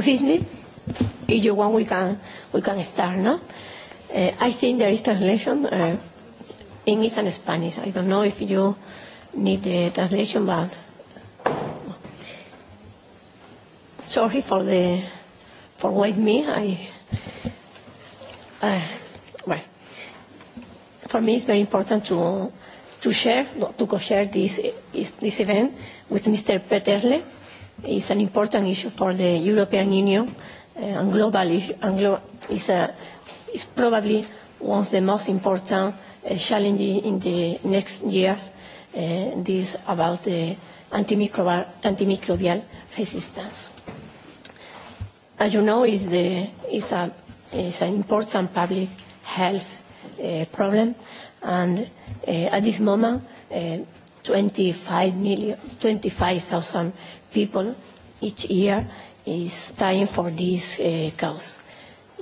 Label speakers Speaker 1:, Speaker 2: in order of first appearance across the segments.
Speaker 1: Disney if you want, we can we can start, no? I think there is translation, uh, English and Spanish. I don't know if you need the translation, but sorry for the for with me. I uh, well, for me it's very important to to share to co-share this this event with Mr. Peterle is an important issue for the European Union and globally is is probably one of the most important challenges in the next years this about the antimicrobial resistance. As you know, is the is a it's an important public health problem and at this moment 25,000 people each year is dying for this cause.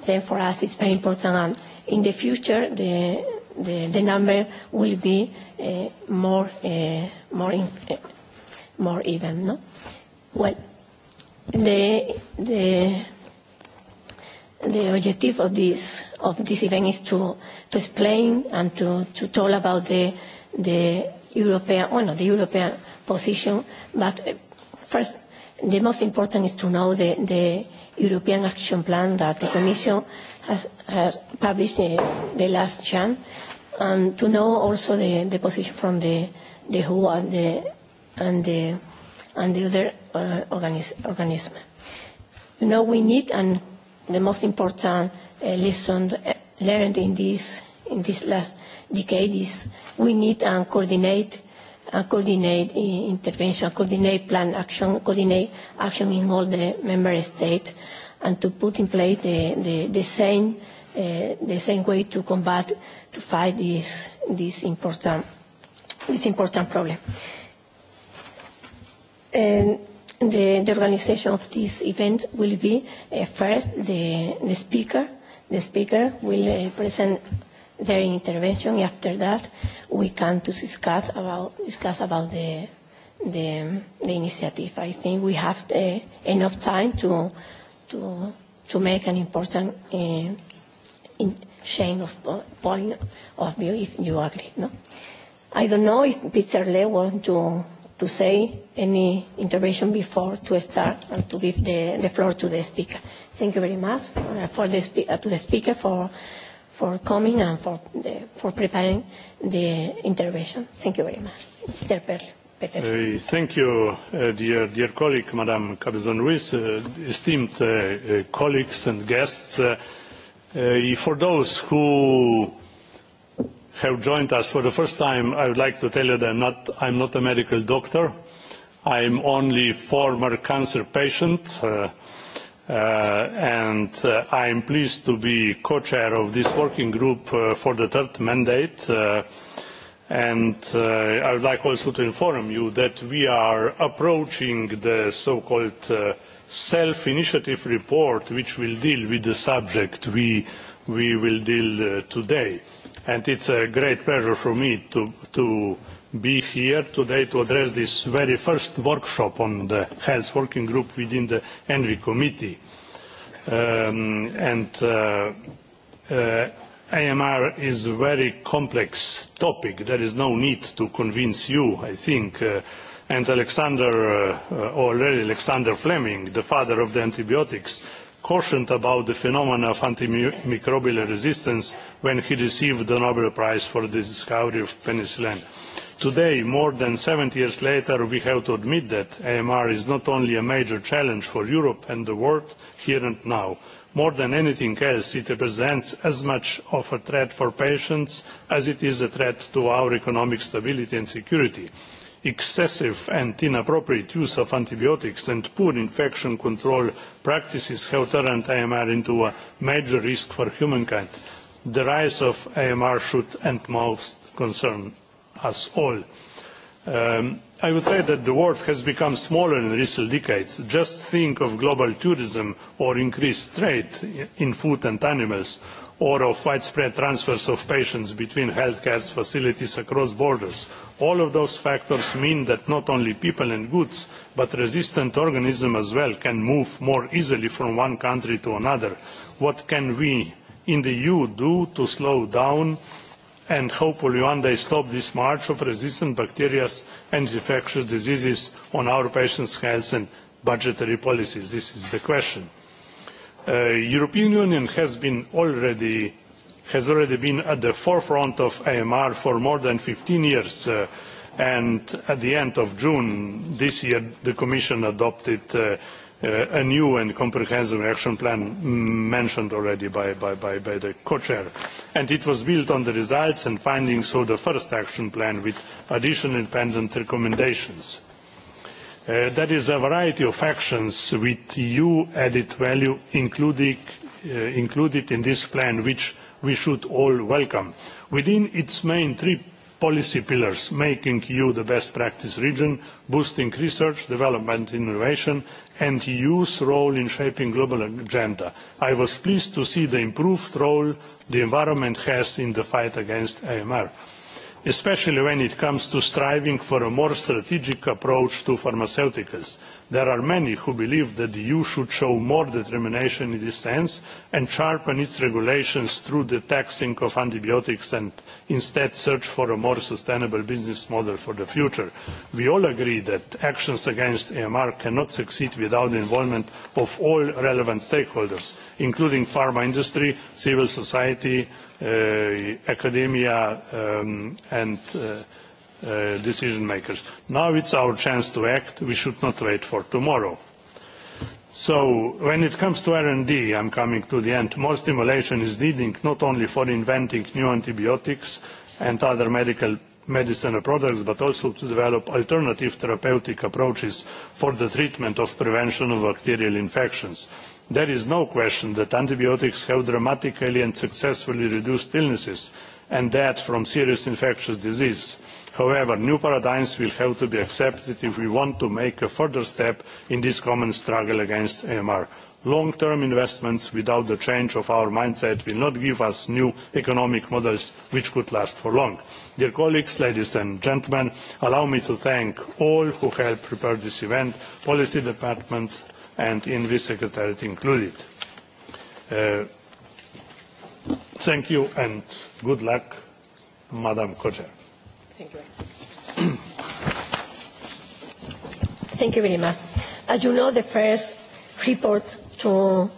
Speaker 1: Then for us it's very important and in the future the the, the number will be more more more even. No? Well, the the the objective of this of this event is to to explain and to to talk about the the European, well, no, the European position, but First, the most important is to know the European Action Plan that the Commission has published the last year, and to know also the position from the WHO and the and the and the other organisms. You know, we need and the most important lesson learned in this in this last decade is we need and coordinate and coordinate intervention, coordinate plan action, coordinate action in all the member states, and to put in place the same way to combat to fight this important problem. The organization of this event will be first the speaker. The speaker will present their intervention. After that, we can to discuss about discuss about the the the initiative. I think we have enough time to to to make an important in change of point of view if you agree. No, I don't know if Mr. Le want to to say any intervention before to start and to give the the floor to the speaker. Thank you very much for the to the speaker for for coming and for, for preparing the intervention. Thank you very much. Mr. Peter.
Speaker 2: Thank you, dear, dear colleague, Madam Cabezon-Ruiz, esteemed colleagues and guests. For those who have joined us for the first time, I would like to tell you that I'm not, I'm not a medical doctor. I'm only former cancer patient and I am pleased to be co-chair of this working group for the third mandate. And I would like also to inform you that we are approaching the so-called self-initiative report, which will deal with the subject we will deal today. And it's a great pleasure for me to be here today to address this very first workshop on the health working group within the ENVI committee. And AMR is a very complex topic. There is no need to convince you, I think. And Alexander, already Alexander Fleming, the father of the antibiotics, cautioned about the phenomenon of antimicrobial resistance when he received the Nobel Prize for the discovery of penicillin. Today, more than 70 years later, we have to admit that AMR is not only a major challenge for Europe and the world here and now. More than anything else, it represents as much of a threat for patients as it is a threat to our economic stability and security. Excessive and inappropriate use of antibiotics and poor infection control practices have turned AMR into a major risk for humankind. The rise of AMR should end most concern us all. I would say that the world has become smaller in recent decades. Just think of global tourism or increased trade in food and animals, or of widespread transfers of patients between healthcare facilities across borders. All of those factors mean that not only people and goods, but resistant organisms as well can move more easily from one country to another. What can we in the EU do to slow down and hopefully one day stop this march of resistant bacteria and infectious diseases on our patients' health and budgetary policies. This is the question. The European Union has already been at the forefront of AMR for more than 15 years and at the end of June this year the Commission adopted a new and comprehensive action plan mentioned already by the co-chair. And it was built on the results and findings of the first action plan with additional independent recommendations. That is a variety of actions with EU added value included in this plan, which we should all welcome. Within its main three policy pillars, making EU the best practice region, boosting research, development and innovation, and the EU's role in shaping global agenda. I was pleased to see the improved role the environment has in the fight against AMR, especially when it comes to striving for a more strategic approach to pharmaceuticals. There are many who believe that the EU should show more determination in this sense and sharpen its regulations through the taxing of antibiotics and instead search for a more sustainable business model for the future. We all agree that actions against AMR cannot succeed without the involvement of all relevant stakeholders, including pharma industry, civil society, academia and decision makers. Now it's our chance to act. We should not wait for tomorrow. So when it comes to R&D, I'm coming to the end, more stimulation is needed not only for inventing new antibiotics and other medical medicine products, but also to develop alternative therapeutic approaches for the treatment of prevention of bacterial infections. There is no question that antibiotics have dramatically and successfully reduced illnesses and death from serious infectious disease. However, new paradigms will have to be accepted if we want to make a further step in this common struggle against AMR. Long term investments without the change of our mindset will not give us new economic models which could last for long. Dear colleagues, ladies and gentlemen, allow me to thank all who helped prepare this event, policy departments and this Secretariat included. Thank you and good luck, Madam Co
Speaker 1: Thank you. Thank you very much. As you know, the first report to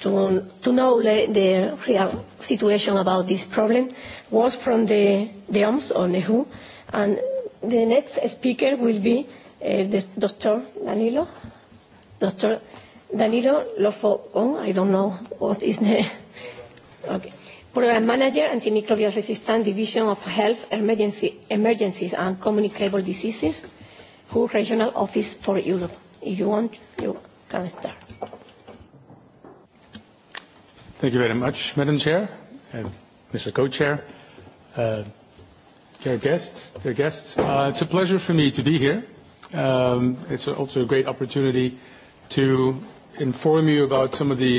Speaker 1: to to know the real situation about this problem was from the the OMS or the WHO, and the next speaker will be Dr. Danilo, Dr. Danilo Lofogon. I don't know what is the. Okay. Program Manager, Antimicrobial Resistance Division of Health, Emergency Emergencies and Communicable Diseases, WHO Regional Office for Europe. If you want, you can start.
Speaker 3: Thank you very much, Madam Chair, and Mr. Co-Chair, dear guests, dear guests. It's a pleasure for me to be here. Um It's also a great opportunity to inform you about some of the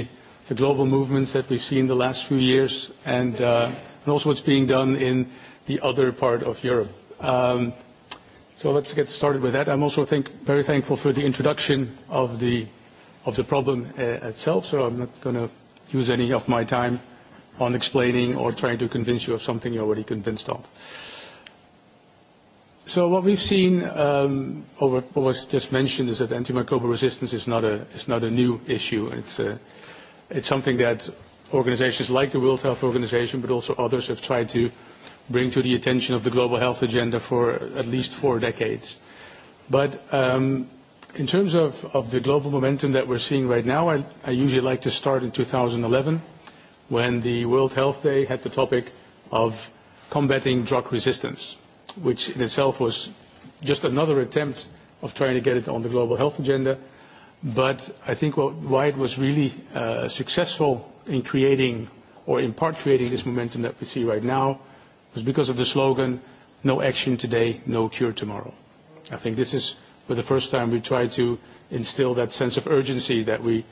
Speaker 3: the global movements that we've seen the last few years, and also what's being done in the other part of Europe. So let's get started with that. I'm also very thankful for the introduction of the of the problem itself, so I'm not going to use any of my time on explaining or trying to convince you of something you're already convinced of. So what we've seen over what was just mentioned is that antimicrobial resistance is not a it's not a new issue. It's a It's something that organizations like the World Health Organization, but also others, have tried to bring to the attention of the global health agenda for at least four decades. But in terms of the global momentum that we're seeing right now, I usually like to start in 2011 when the World Health Day had the topic of combating drug resistance, which in itself was just another attempt of trying to get it on the global health agenda, But I think why it was really successful in creating, or in part creating this momentum that we see right now, was because of the slogan, no action today, no cure tomorrow. I think this is, for the first time, we tried to instill that sense of urgency that we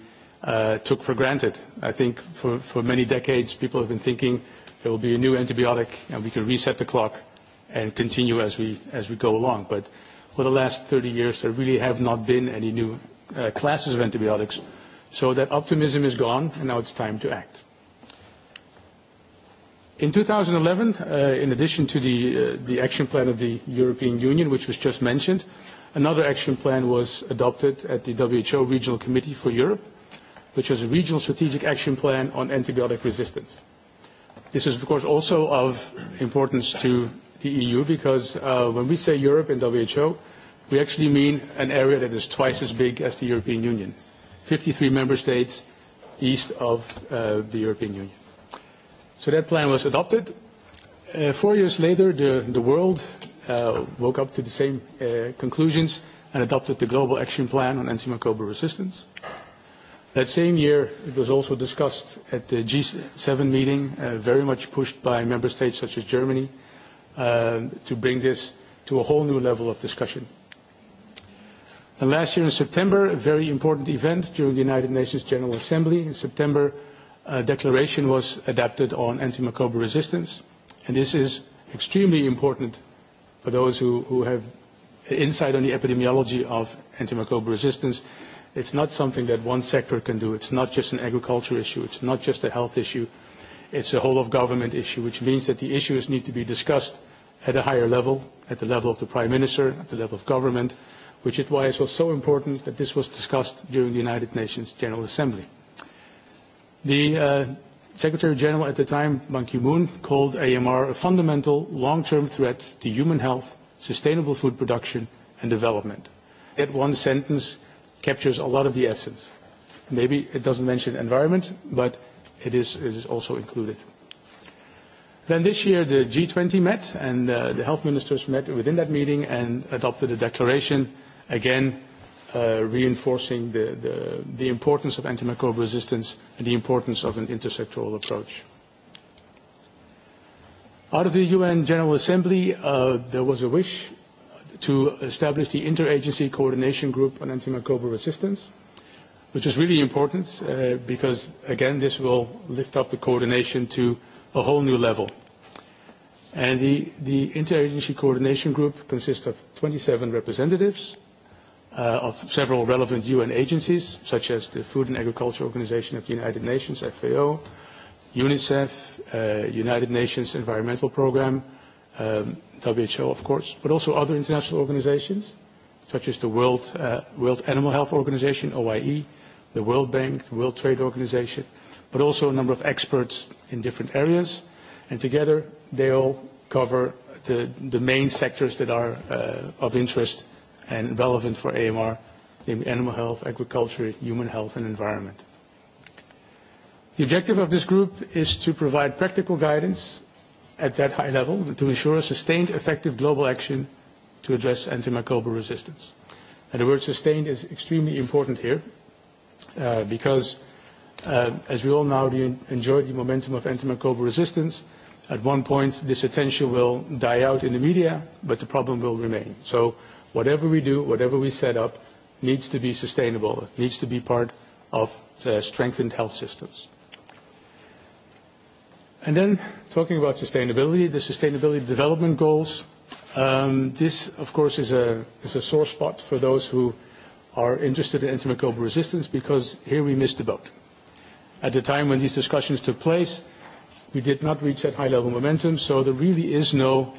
Speaker 3: took for granted. I think for many decades, people have been thinking there will be a new antibiotic and we can reset the clock and continue as we go along. But for the last 30 years, there really have not been any new classes of antibiotics. So that optimism is gone, and now it's time to act. In 2011, in addition to the the action plan of the European Union, which was just mentioned, another action plan was adopted at the WHO Regional Committee for Europe, which was a regional strategic action plan on antibiotic resistance. This is, of course, also of importance to the EU because when we say Europe and WHO, we actually mean an area that is twice as big as the European Union, 53 member states east of the European Union. So that plan was adopted. Four years later, the world woke up to the same conclusions and adopted the Global Action Plan on Antimicrobial Resistance. That same year, it was also discussed at the G7 meeting, very much pushed by member states such as Germany, to bring this to a whole new level of discussion last year in September, a very important event during the United Nations General Assembly in September, a declaration was adapted on antimicrobial resistance. And this is extremely important for those who have insight on the epidemiology of antimicrobial resistance. It's not something that one sector can do. It's not just an agriculture issue. It's not just a health issue. It's a whole-of-government issue, which means that the issues need to be discussed at a higher level, at the level of the Prime Minister, at the level of government, which is why it was so important that this was discussed during the United Nations General Assembly. The Secretary General at the time, Ban Ki-moon, called AMR a fundamental long-term threat to human health, sustainable food production, and development. That one sentence captures a lot of the essence. Maybe it doesn't mention environment, but it is also included. Then this year the G20 met, and the health ministers met within that meeting and adopted a declaration again reinforcing the the the importance of antimicrobial resistance and the importance of an intersectoral approach. Out of the UN General Assembly, there was a wish to establish the Interagency Coordination Group on Antimicrobial Resistance, which is really important because, again, this will lift up the coordination to a whole new level. And the Interagency Coordination Group consists of 27 representatives of several relevant UN agencies, such as the Food and Agriculture Organization of the United Nations, FAO, UNICEF, United Nations Environmental Programme, WHO, of course, but also other international organizations, such as the World Animal Health Organization, OIE, the World Bank, the World Trade Organization, but also a number of experts in different areas. And together, they all cover the main sectors that are of interest and relevant for AMR, namely animal health, agriculture, human health, and environment. The objective of this group is to provide practical guidance at that high level to ensure sustained, effective global action to address antimicrobial resistance. And the word sustained is extremely important here because, as we all now enjoy the momentum of antimicrobial resistance, at one point this attention will die out in the media, but the problem will remain whatever we do, whatever we set up, needs to be sustainable. It needs to be part of strengthened health systems. And then, talking about sustainability, the Sustainability Development Goals. This, of course, is a sore spot for those who are interested in antimicrobial resistance because here we missed the boat. At the time when these discussions took place, we did not reach that high-level momentum, so there really is no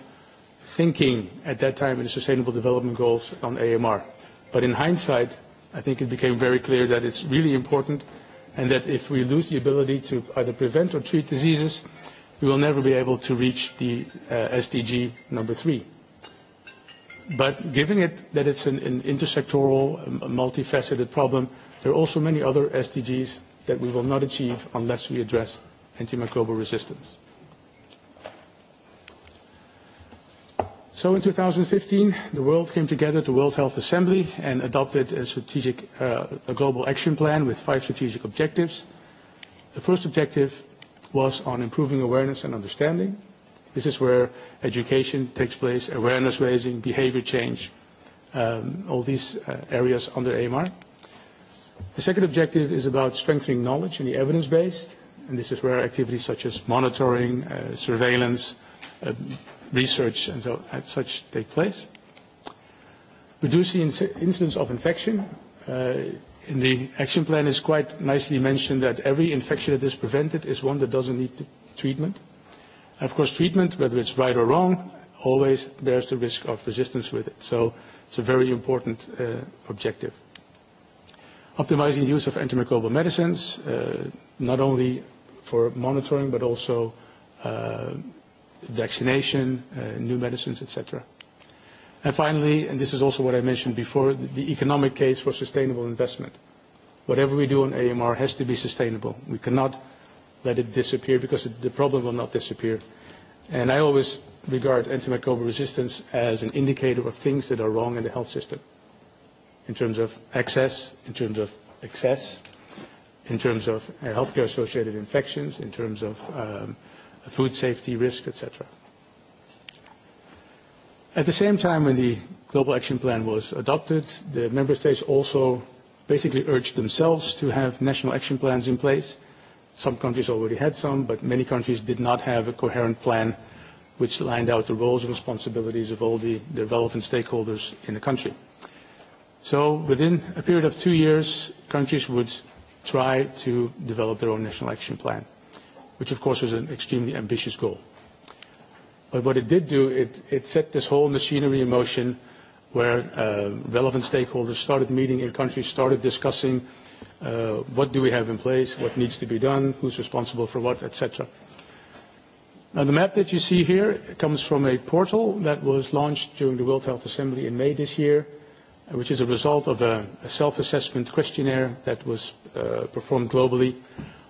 Speaker 3: thinking at that time in the Sustainable Development Goals on AMR. But in hindsight, I think it became very clear that it's really important and that if we lose the ability to either prevent or treat diseases, we will never be able to reach the SDG number three. But given it that it's an intersectoral, multifaceted problem, there are also many other SDGs that we will not achieve unless we address antimicrobial resistance. So in 2015, the world came together the World Health Assembly and adopted a strategic, a global action plan with five strategic objectives. The first objective was on improving awareness and understanding. This is where education takes place, awareness raising, behavior change, all these areas under AMR. The second objective is about strengthening knowledge and the evidence-based, and this is where activities such as monitoring, surveillance, research and so at such take place. Reduce the incidence of infection. In the action plan is quite nicely mentioned that every infection that is prevented is one that doesn't need treatment. Of course, treatment, whether it's right or wrong, always bears the risk of resistance with it. So it's a very important objective. Optimizing the use of antimicrobial medicines, not only for monitoring but also vaccination, new medicines, etc. And finally, and this is also what I mentioned before, the economic case for sustainable investment. Whatever we do on AMR has to be sustainable. We cannot let it disappear because the problem will not disappear. And I always regard antimicrobial resistance as an indicator of things that are wrong in the health system in terms of access, in terms of excess, in terms of healthcare-associated infections, in terms of food safety risk, etc. At the same time, when the Global Action Plan was adopted, the member states also basically urged themselves to have national action plans in place. Some countries already had some, but many countries did not have a coherent plan which lined out the roles and responsibilities of all the relevant stakeholders in the country. So within a period of two years, countries would try to develop their own national action plan which of course was an extremely ambitious goal. But what it did do, it, it set this whole machinery in motion where relevant stakeholders started meeting in countries, started discussing what do we have in place, what needs to be done, who's responsible for what, etc. Now, the map that you see here comes from a portal that was launched during the World Health Assembly in May this year, which is a result of a self-assessment questionnaire that was performed globally,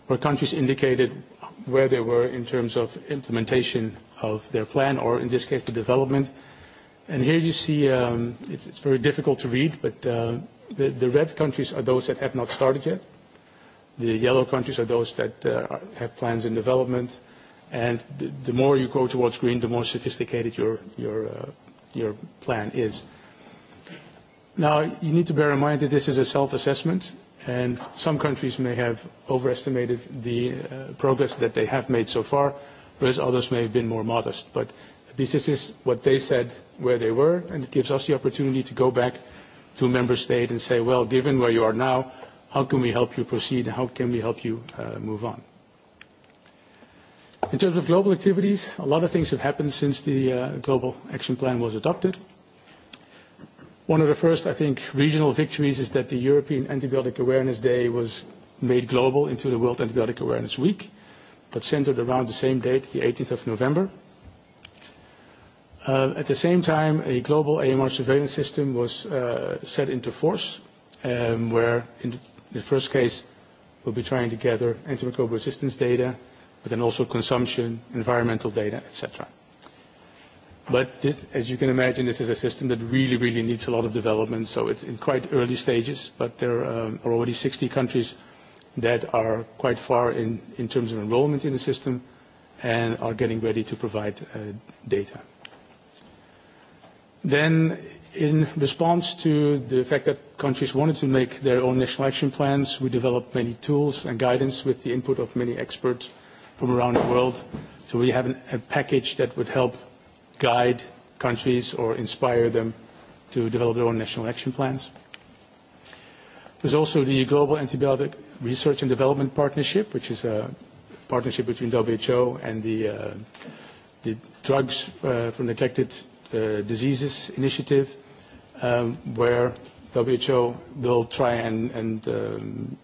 Speaker 3: where countries indicated where they were in terms of implementation of their plan, or in this case, the development. And here you see it's very difficult to read, but the red countries are those that have not started yet. The yellow countries are those that have plans in development. And the more you go towards green, the more sophisticated your your plan is. Now, you need to bear in mind that this is a self-assessment, and some countries may have overestimated the progress that they have made so far, whereas others may have been more modest. But this is what they said where they were, and it gives us the opportunity to go back to a member state and say, well, given where you are now, how can we help you proceed, and how can we help you move on? In terms of global activities, a lot of things have happened since the Global Action Plan was adopted. One of the first, I think, regional victories is that the European Antibiotic Awareness Day was made global into the World Antibiotic Awareness Week, but centered around the same date, the 18th of November. At the same time, a global AMR surveillance system was set into force, where in the first case we'll be trying to gather antimicrobial resistance data, but then also consumption, environmental data, etc. But this, as you can imagine, this is a system that really, really needs a lot of development. So it's in quite early stages, but there are already 60 countries that are quite far in, in terms of enrollment in the system and are getting ready to provide data. Then, in response to the fact that countries wanted to make their own national action plans, we developed many tools and guidance with the input of many experts from around the world. So we have a package that would help guide countries or inspire them to develop their own national action plans. There's also the Global Antibiotic Research and Development Partnership, which is a partnership between WHO and the Drugs for Neglected Diseases initiative, where WHO will try and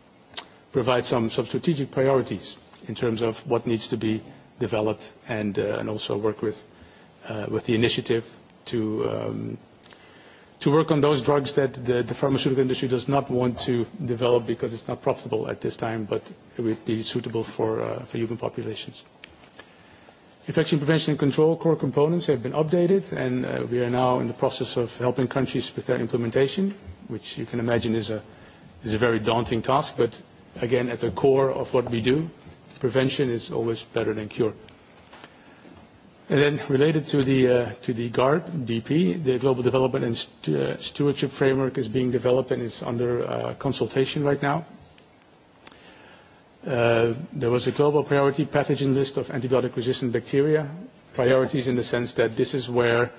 Speaker 3: provide some strategic priorities in terms of what needs to be developed and also work with with the initiative to to work on those drugs that the, the pharmaceutical industry does not want to develop because it's not profitable at this time, but it would be suitable for, for human populations. Infection prevention and control core components have been updated, and we are now in the process of helping countries with their implementation, which you can imagine is a, is a very daunting task, but again, at the core of what we do, prevention is always better than cure. And then related to the to the GARD DP, the Global Development and Stewardship Framework is being developed and is under consultation right now. There was a global priority pathogen list of antibiotic-resistant bacteria, priorities in the sense that this is where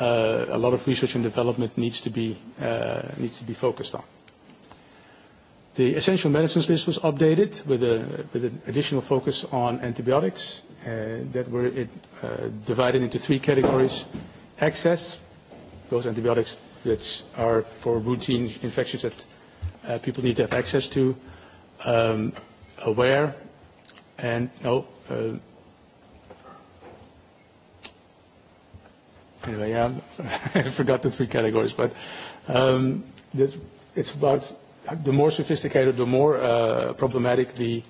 Speaker 3: a lot of research and development needs to be needs to be focused on. The essential medicines list was updated with an additional focus on antibiotics that were divided into three categories. Access, those antibiotics that are for routine infections that people need to have access to. Aware, and no. Anyway, yeah, I forgot the three categories, but it's about the more sophisticated, the more problematic the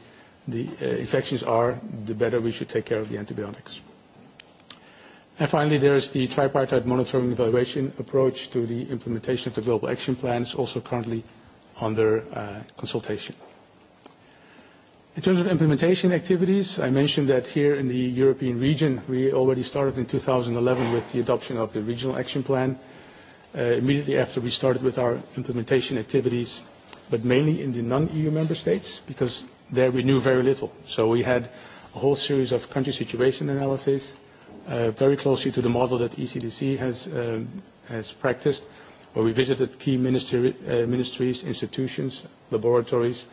Speaker 3: the infections are, the better we should take care of the antibiotics. And finally, there is the tripartite monitoring evaluation approach to the implementation of the Global Action plans, also currently under consultation. In terms of implementation activities, I mentioned that here in the European region, we already started in 2011 with the adoption of the Regional Action Plan. Immediately after, we started with our implementation activities, but mainly in the non-EU member states, because there we knew very little. So we had a whole series of country situation analysis very closely to the model that ECDC has has practiced, where we visited key ministries, institutions, laboratories,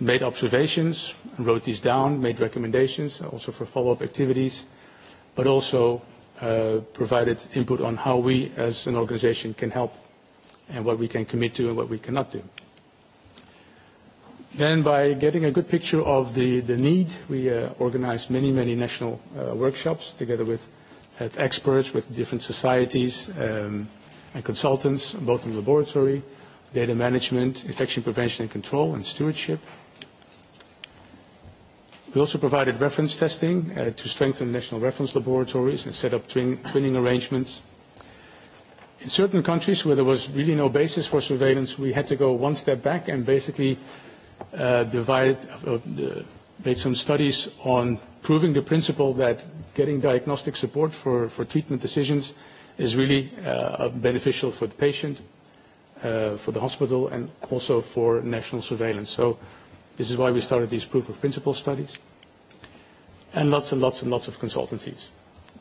Speaker 3: made observations, wrote these down, made recommendations also for follow-up activities, but also provided input on how we as an organization can help and what we can commit to and what we cannot do. Then by getting a good picture of the the need, we organized many, many national workshops together with experts, with different societies and consultants, both in laboratory, data management, infection prevention and control, and stewardship. We also provided reference testing to strengthen national reference laboratories and set up twinning arrangements. In certain countries where there was really no basis for surveillance, we had to go one step back and basically made some studies on proving the principle that getting diagnostic support for treatment decisions is really beneficial for the patient, for the hospital, and also for national surveillance. So this is why we started these proof of principle studies. And lots and lots and lots of consultancies.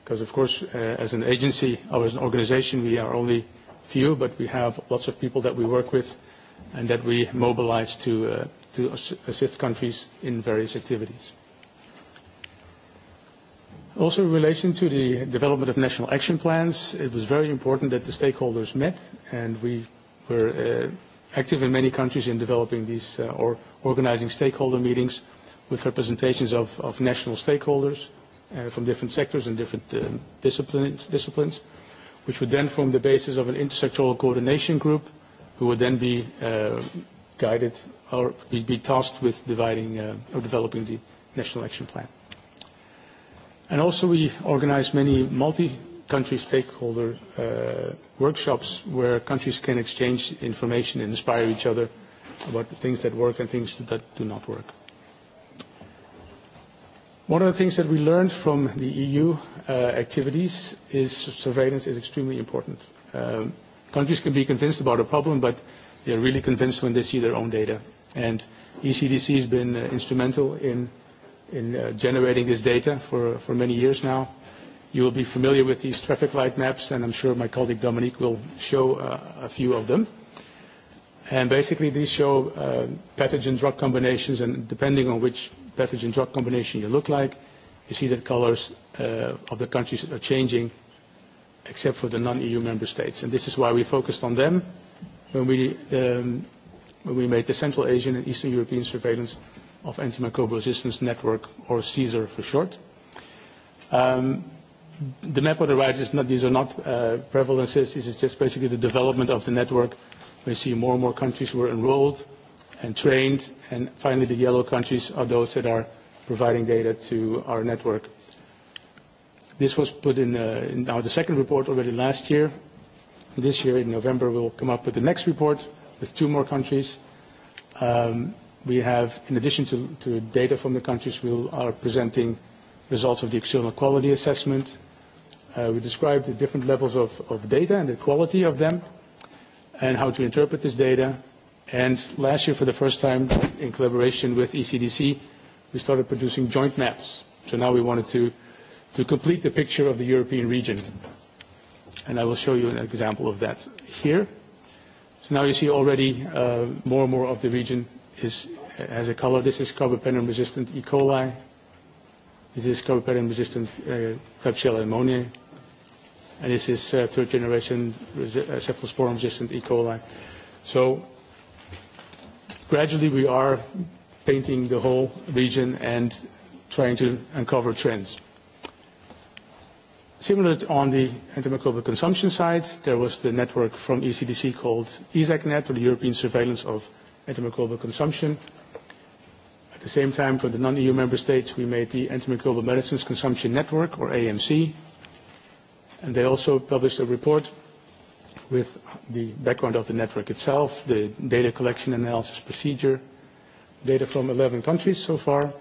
Speaker 3: Because, of course, as an agency or as an organization, we are only few, but we have lots of people that we work with and that we mobilize to to assist countries in various activities. Also in relation to the development of national action plans, it was very important that the stakeholders met and we were active in many countries in developing these or organizing stakeholder meetings with representations of of national stakeholders from different sectors and different disciplines, which would then form the basis of an intersectoral coordination group who would then be guided or be tasked with dividing or developing the national action plan. And also we organize many multi-country stakeholder workshops where countries can exchange information and inspire each other about things that work and things that do not work. One of the things that we learned from the EU activities is surveillance is extremely important countries can be convinced about a problem, but they're really convinced when they see their own data. And ECDC has been instrumental in in generating this data for for many years now. You will be familiar with these traffic light maps, and I'm sure my colleague Dominique will show a few of them. And basically, these show pathogen drug combinations, and depending on which pathogen drug combination you look like, you see that colors of the countries are changing except for the non-EU member states. And this is why we focused on them when we, um, when we made the Central Asian and Eastern European Surveillance of Antimicrobial Resistance Network, or CSER for short. Um, the map on the right, is not, these are not prevalences. This is just basically the development of the network. We see more and more countries were enrolled and trained. And finally, the yellow countries are those that are providing data to our network This was put in now the second report already last year. This year in November we'll come up with the next report with two more countries. We have, in addition to, data from the countries, we are presenting results of the external quality assessment. we described the different levels of, of data and the quality of them and how to interpret this data. And last year, for the first time, in collaboration with ECDC, we started producing joint maps. So now we wanted to to complete the picture of the European region. And I will show you an example of that here. So now you see already more and more of the region is has a color. This is carbapenem-resistant E. coli. This is carbapenem-resistant Klebsiella pneumoniae. And this is third-generation cephalosporin-resistant E. coli. So gradually we are painting the whole region and trying to uncover trends. Similar on the antimicrobial consumption side, there was the network from ECDC called ESACnet, or the European Surveillance of Antimicrobial Consumption. At the same time, for the non-EU member states, we made the Antimicrobial Medicines Consumption Network, or AMC, and they also published a report with the background of the network itself, the data collection analysis procedure, data from 11 countries so far,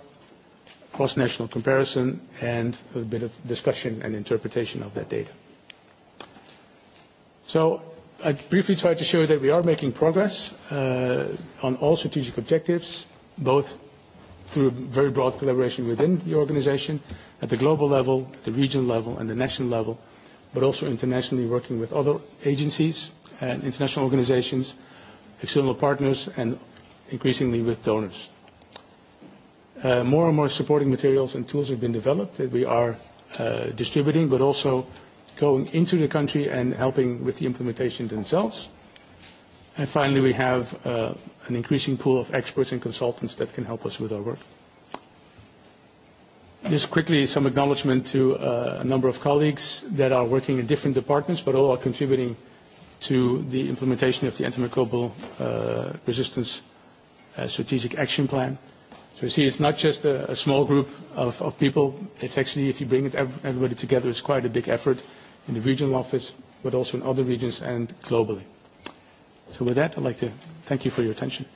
Speaker 3: cross-national comparison, and a bit of discussion and interpretation of that data. So I briefly tried to show that we are making progress on all strategic objectives, both through very broad collaboration within the organization, at the global level, the regional level, and the national level, but also internationally working with other agencies and international organizations, external partners, and increasingly with donors. More and more supporting materials and tools have been developed that we are distributing, but also going into the country and helping with the implementation themselves. And finally, we have an increasing pool of experts and consultants that can help us with our work. Just quickly, some acknowledgement to a number of colleagues that are working in different departments, but all are contributing to the implementation of the antimicrobial resistance strategic action plan. So you see, it's not just a small group of people. It's actually, if you bring everybody together, it's quite a big effort in the regional office, but also in other regions and globally. So with that, I'd like to thank you for your attention.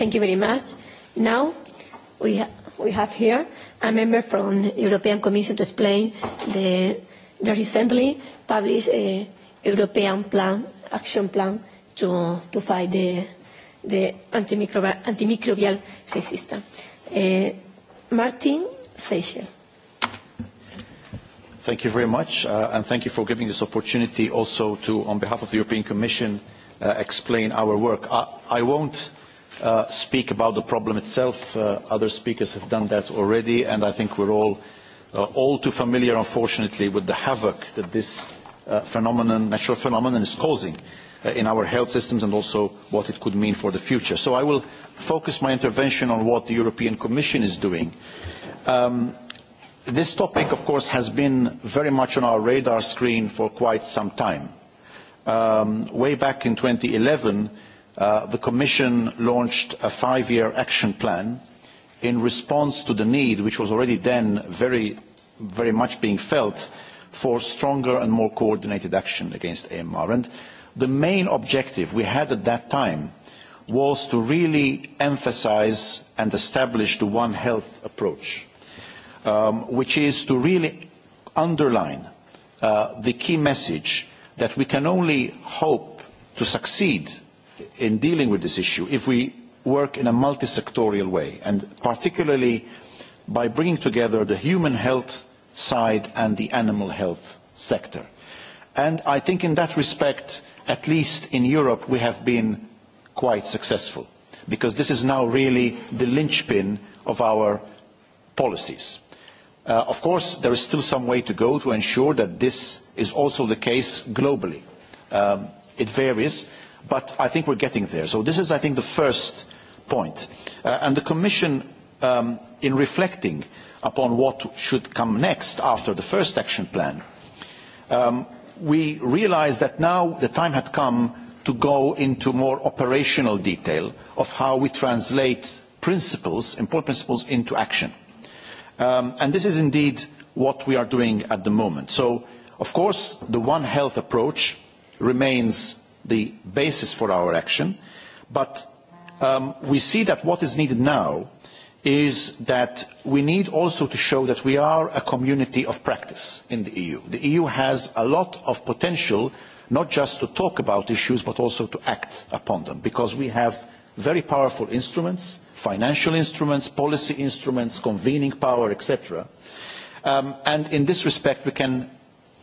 Speaker 1: Thank you very much. Now we we have here a member from the European Commission to explain the the recently published European plan, action plan to, to fight the, the antimicrobial, antimicrobial resistance. Uh, Martin Seychelles.
Speaker 4: Thank you very much, and thank you for giving this opportunity also to, on behalf of the European Commission, explain our work. I won't speak about the problem itself. Other speakers have done that already, and I think we're all all too familiar, unfortunately, with the havoc that this phenomenon, natural phenomenon is causing in our health systems and also what it could mean for the future. So I will focus my intervention on what the European Commission is doing. This topic, of course, has been very much on our radar screen for quite some time. Way back in 2011, the Commission launched a five-year action plan in response to the need, which was already then very much being felt, for stronger and more coordinated action against AMR. And the main objective we had at that time was to really emphasise and establish the One Health approach, which is to really underline the key message that we can only hope to succeed in dealing with this issue if we work in a multi-sectorial way, and particularly by bringing together the human health side and the animal health sector. And I think in that respect, at least in Europe, we have been quite successful, because this is now really the linchpin of our policies. Of course, there is still some way to go to ensure that this is also the case globally. It varies, but I think we're getting there. So this is, I think, the first point. And the Commission, in reflecting upon what should come next after the first action plan, we realised that now the time had come to go into more operational detail of how we translate principles, important principles, into action. And this is indeed what we are doing at the moment. So, of course, the One Health approach remains the basis for our action, but we see that what is needed now is that we need also to show that we are a community of practice in the EU. The EU has a lot of potential not just to talk about issues but also to act upon them because we have very powerful instruments, financial instruments, policy instruments, convening power, etc. And in this respect we can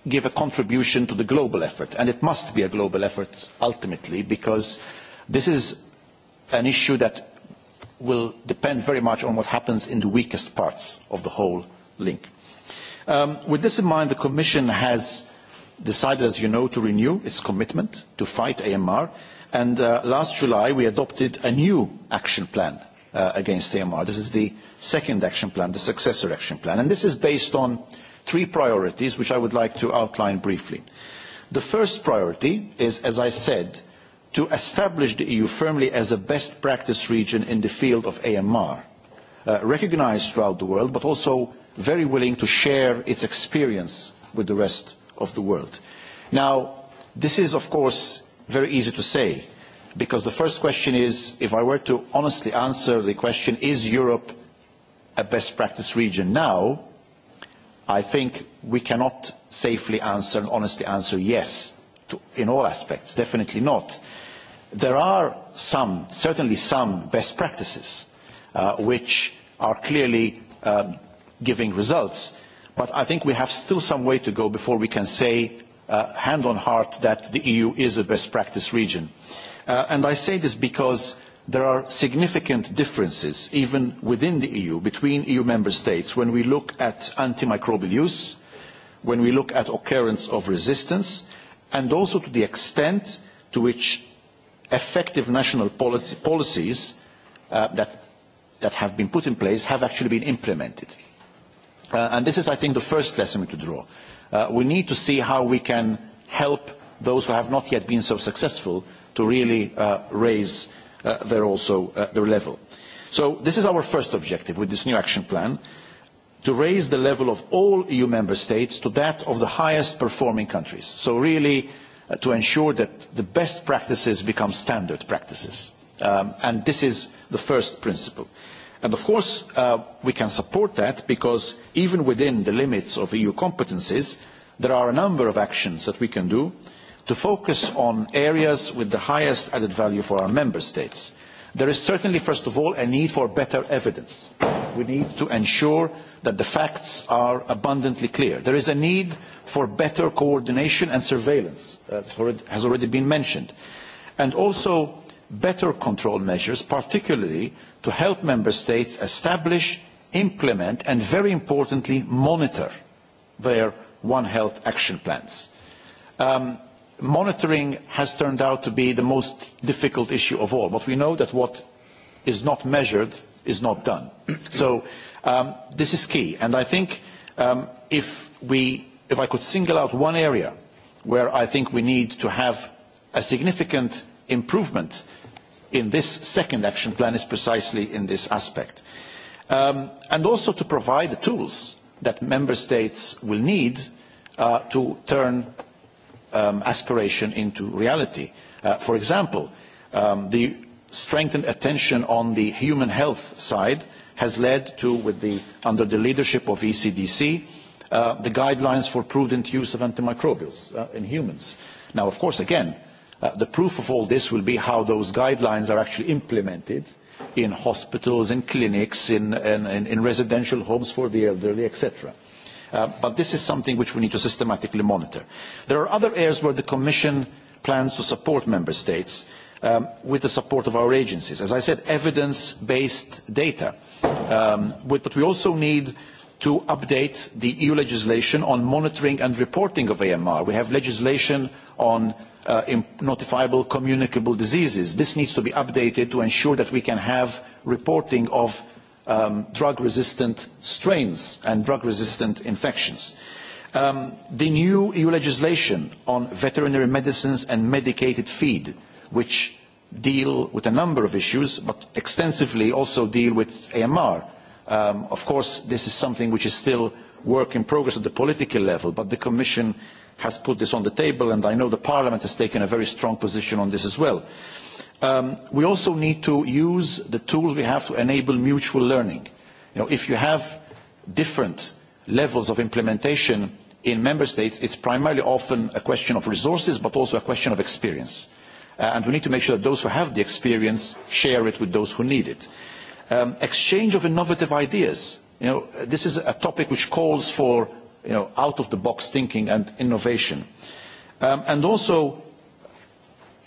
Speaker 4: give a contribution to the global effort and it must be a global effort ultimately because this is an issue that will depend very much on what happens in the weakest parts of the whole link. With this in mind, the Commission has decided, as you know, to renew its commitment to fight AMR, and last July we adopted a new action plan against AMR. This is the second action plan, the successor action plan, and this is based on three priorities which I would like to outline briefly. The first priority is, as I said, to establish the EU firmly as a best practice region in the field of AMR, recognised throughout the world, but also very willing to share its experience with the rest of the world. Now, this is, of course, very easy to say, because the first question is, if I were to honestly answer the question, is Europe a best practice region now, I think we cannot safely answer and honestly answer yes in all aspects, definitely not. There are some, certainly some best practices which are clearly giving results, but I think we have still some way to go before we can say hand on heart that the EU is a best practice region. And I say this because there are significant differences, even within the EU, between EU member states when we look at antimicrobial use, when we look at occurrence of resistance, and also to the extent to which effective national policies that have been put in place have actually been implemented. And this is, I think, the first lesson to draw. We need to see how we can help those who have not yet been so successful to really raise their also their level. So this is our first objective with this new action plan, to raise the level of all EU member states to that of the highest performing countries. So really to ensure that the best practices become standard practices. And this is the first principle. And of course, we can support that because even within the limits of EU competences, there are a number of actions that we can do to focus on areas with the highest added value for our member states. There is certainly, first of all, a need for better evidence. We need to ensure that the facts are abundantly clear. There is a need for better coordination and surveillance, that has already been mentioned, and also better control measures, particularly to help Member States establish, implement and, very importantly, monitor their One Health action plans monitoring has turned out to be the most difficult issue of all. But we know that what is not measured is not done. So this is key. And I think if we, if I could single out one area where I think we need to have a significant improvement in this second action plan is precisely in this aspect. And also to provide the tools that member states will need to turn aspiration into reality. For example, the strengthened attention on the human health side has led to, under the leadership of ECDC, the guidelines for prudent use of antimicrobials in humans. Now, of course, again, the proof of all this will be how those guidelines are actually implemented in hospitals, in clinics, in residential homes for the elderly, etc but this is something which we need to systematically monitor. There are other areas where the Commission plans to support Member States with the support of our agencies. As I said, evidence-based data. But we also need to update the EU legislation on monitoring and reporting of AMR. We have legislation on notifiable communicable diseases. This needs to be updated to ensure that we can have reporting of drug-resistant strains and drug-resistant infections. The new EU legislation on veterinary medicines and medicated feed, which deal with a number of issues, but extensively also deal with AMR. Of course, this is something which is still work in progress at the political level, but the Commission has put this on the table, and I know the Parliament has taken a very strong position on this as well. We also need to use the tools we have to enable mutual learning. If you have different levels of implementation in member states, it's primarily often a question of resources, but also a question of experience. And we need to make sure that those who have the experience share it with those who need it. Exchange of innovative ideas. This is a topic which calls for out-of-the-box thinking and innovation. And also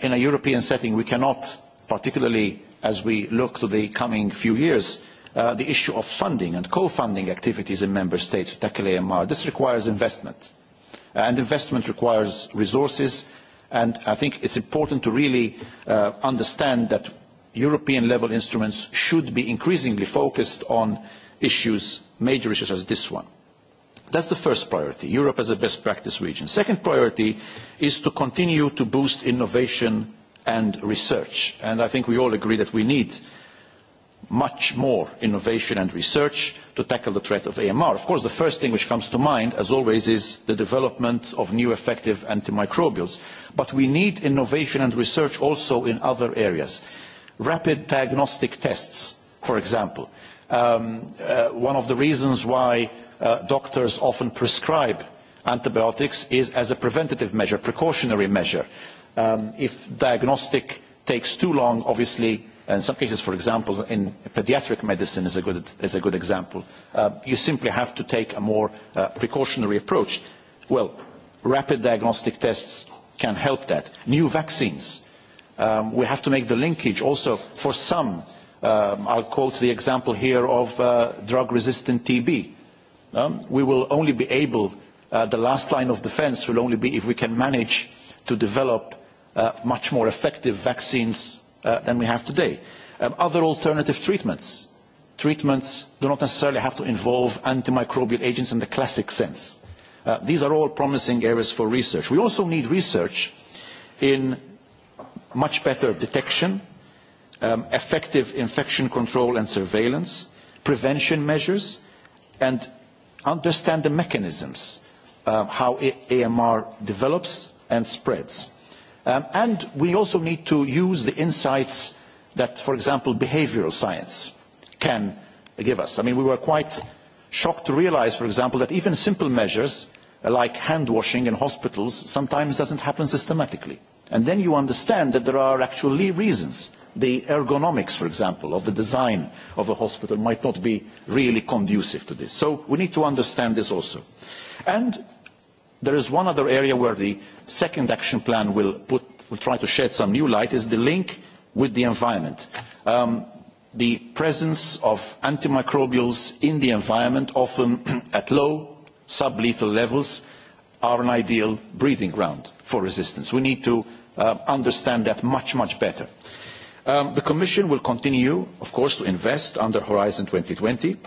Speaker 4: in a European setting, we cannot, particularly as we look to the coming few years, the issue of funding and co-funding activities in member states to tackle AMR. This requires investment. And investment requires resources. And I think it's important to really understand that European-level instruments should be increasingly focused on issues, major issues as this one. That's the first priority, Europe as a best practice region. Second priority is to continue to boost innovation and research. And I think we all agree that we need much more innovation and research to tackle the threat of AMR. Of course, the first thing which comes to mind, as always, is the development of new effective antimicrobials. But we need innovation and research also in other areas. Rapid diagnostic tests, for example one of the reasons why doctors often prescribe antibiotics is as a preventative measure, precautionary measure. If diagnostic takes too long, obviously, in some cases, for example, in pediatric medicine is a good example, you simply have to take a more precautionary approach. Well, rapid diagnostic tests can help that. New vaccines. We have to make the linkage also for some I'll quote the example here of drug-resistant TB. We will only be able, the last line of defense will only be if we can manage to develop much more effective vaccines than we have today. Other alternative treatments. Treatments do not necessarily have to involve antimicrobial agents in the classic sense. These are all promising areas for research. We also need research in much better detection effective infection control and surveillance, prevention measures, and understand the mechanisms how AMR develops and spreads. And we also need to use the insights that, for example, behavioral science can give us. I mean, we were quite shocked to realize, for example, that even simple measures like hand washing in hospitals sometimes doesn't happen systematically. And then you understand that there are actually reasons. The ergonomics, for example, of the design of a hospital might not be really conducive to this. So we need to understand this also. And there is one other area where the second action plan will try to shed some new light, is the link with the environment. The presence of antimicrobials in the environment, often at low, sublethal levels, are an ideal breeding ground for resistance. We need to understand that much, much better. The Commission will continue, of course, to invest under Horizon 2020,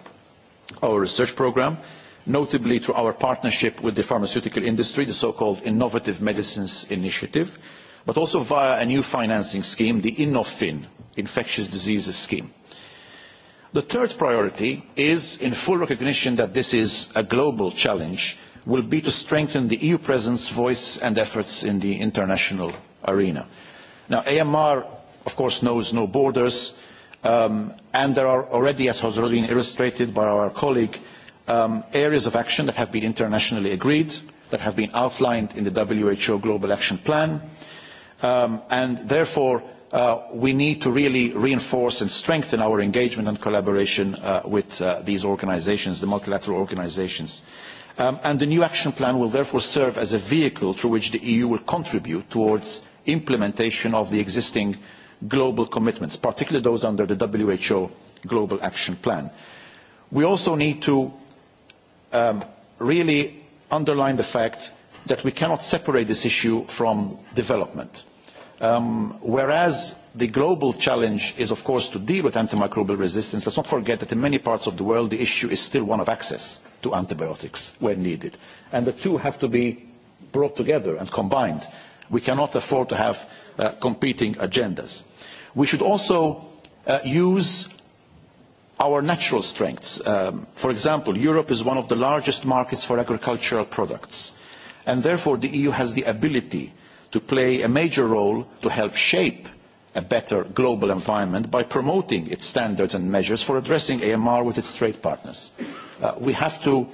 Speaker 4: our research programme, notably through our partnership with the pharmaceutical industry, the so-called Innovative Medicines Initiative, but also via a new financing scheme, the InnoFin, Infectious Diseases Scheme. The third priority is, in full recognition that this is a global challenge, will be to strengthen the EU presence, voice and efforts in the international arena. Now, AMR, of course, knows no borders, and there are already, as has already been illustrated by our colleague, areas of action that have been internationally agreed, that have been outlined in the WHO Global Action Plan, and therefore we need to really reinforce and strengthen our engagement and collaboration with these organizations, the multilateral organisations. And the new action plan will therefore serve as a vehicle through which the EU will contribute towards implementation of the existing global commitments, particularly those under the WHO Global Action Plan. We also need to really underline the fact that we cannot separate this issue from development. Whereas the global challenge is, of course, to deal with antimicrobial resistance, let's not forget that in many parts of the world the issue is still one of access to antibiotics when needed. And the two have to be brought together and combined We cannot afford to have competing agendas. We should also use our natural strengths. For example, Europe is one of the largest markets for agricultural products, and therefore the EU has the ability to play a major role to help shape a better global environment by promoting its standards and measures for addressing AMR with its trade partners. We have to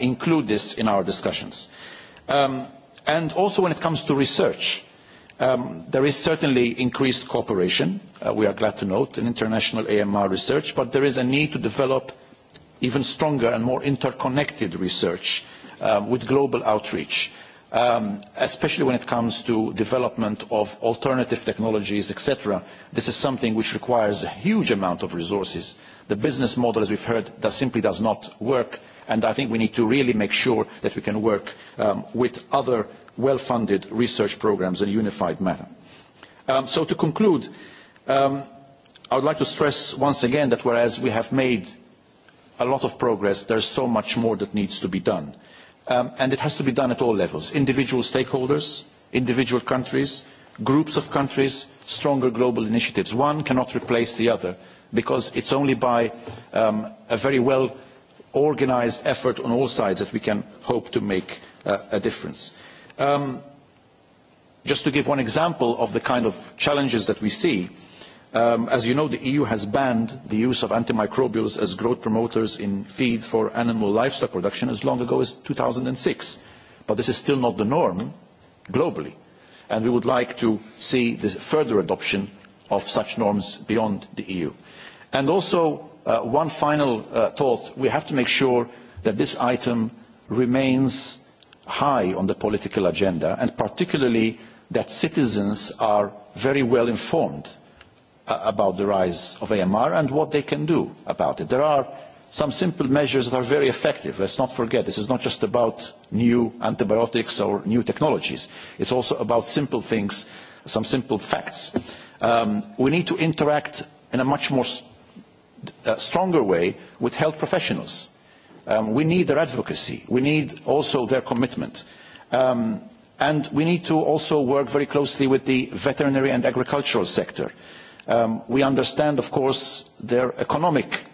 Speaker 4: include this in our discussions. And also when it comes to research, there is certainly increased cooperation, we are glad to note, in international AMR research, but there is a need to develop even stronger and more interconnected research with global outreach, especially when it comes to development of alternative technologies, etc. This is something which requires a huge amount of resources. The business model, as we've heard, simply does not work, and I think we need to really make sure that we can work with other well funded research programmes in a unified manner. So to conclude, I would like to stress once again that whereas we have made a lot of progress, there is so much more that needs to be done. And it has to be done at all levels individual stakeholders, individual countries, groups of countries, stronger global initiatives. One cannot replace the other, because it's only by a very well organised effort on all sides that we can hope to make a difference. Just to give one example of the kind of challenges that we see, as you know, the EU has banned the use of antimicrobials as growth promoters in feed for animal livestock production as long ago as 2006. But this is still not the norm globally, and we would like to see the further adoption of such norms beyond the EU. And also, one final thought, we have to make sure that this item remains high on the political agenda and particularly that citizens are very well informed about the rise of AMR and what they can do about it. There are some simple measures that are very effective. Let's not forget, this is not just about new antibiotics or new technologies. it is also about simple things, some simple facts. We need to interact in a much more stronger way with health professionals We need their advocacy. We need also their commitment. And we need to also work very closely with the veterinary and agricultural sector. We understand, of course, their economic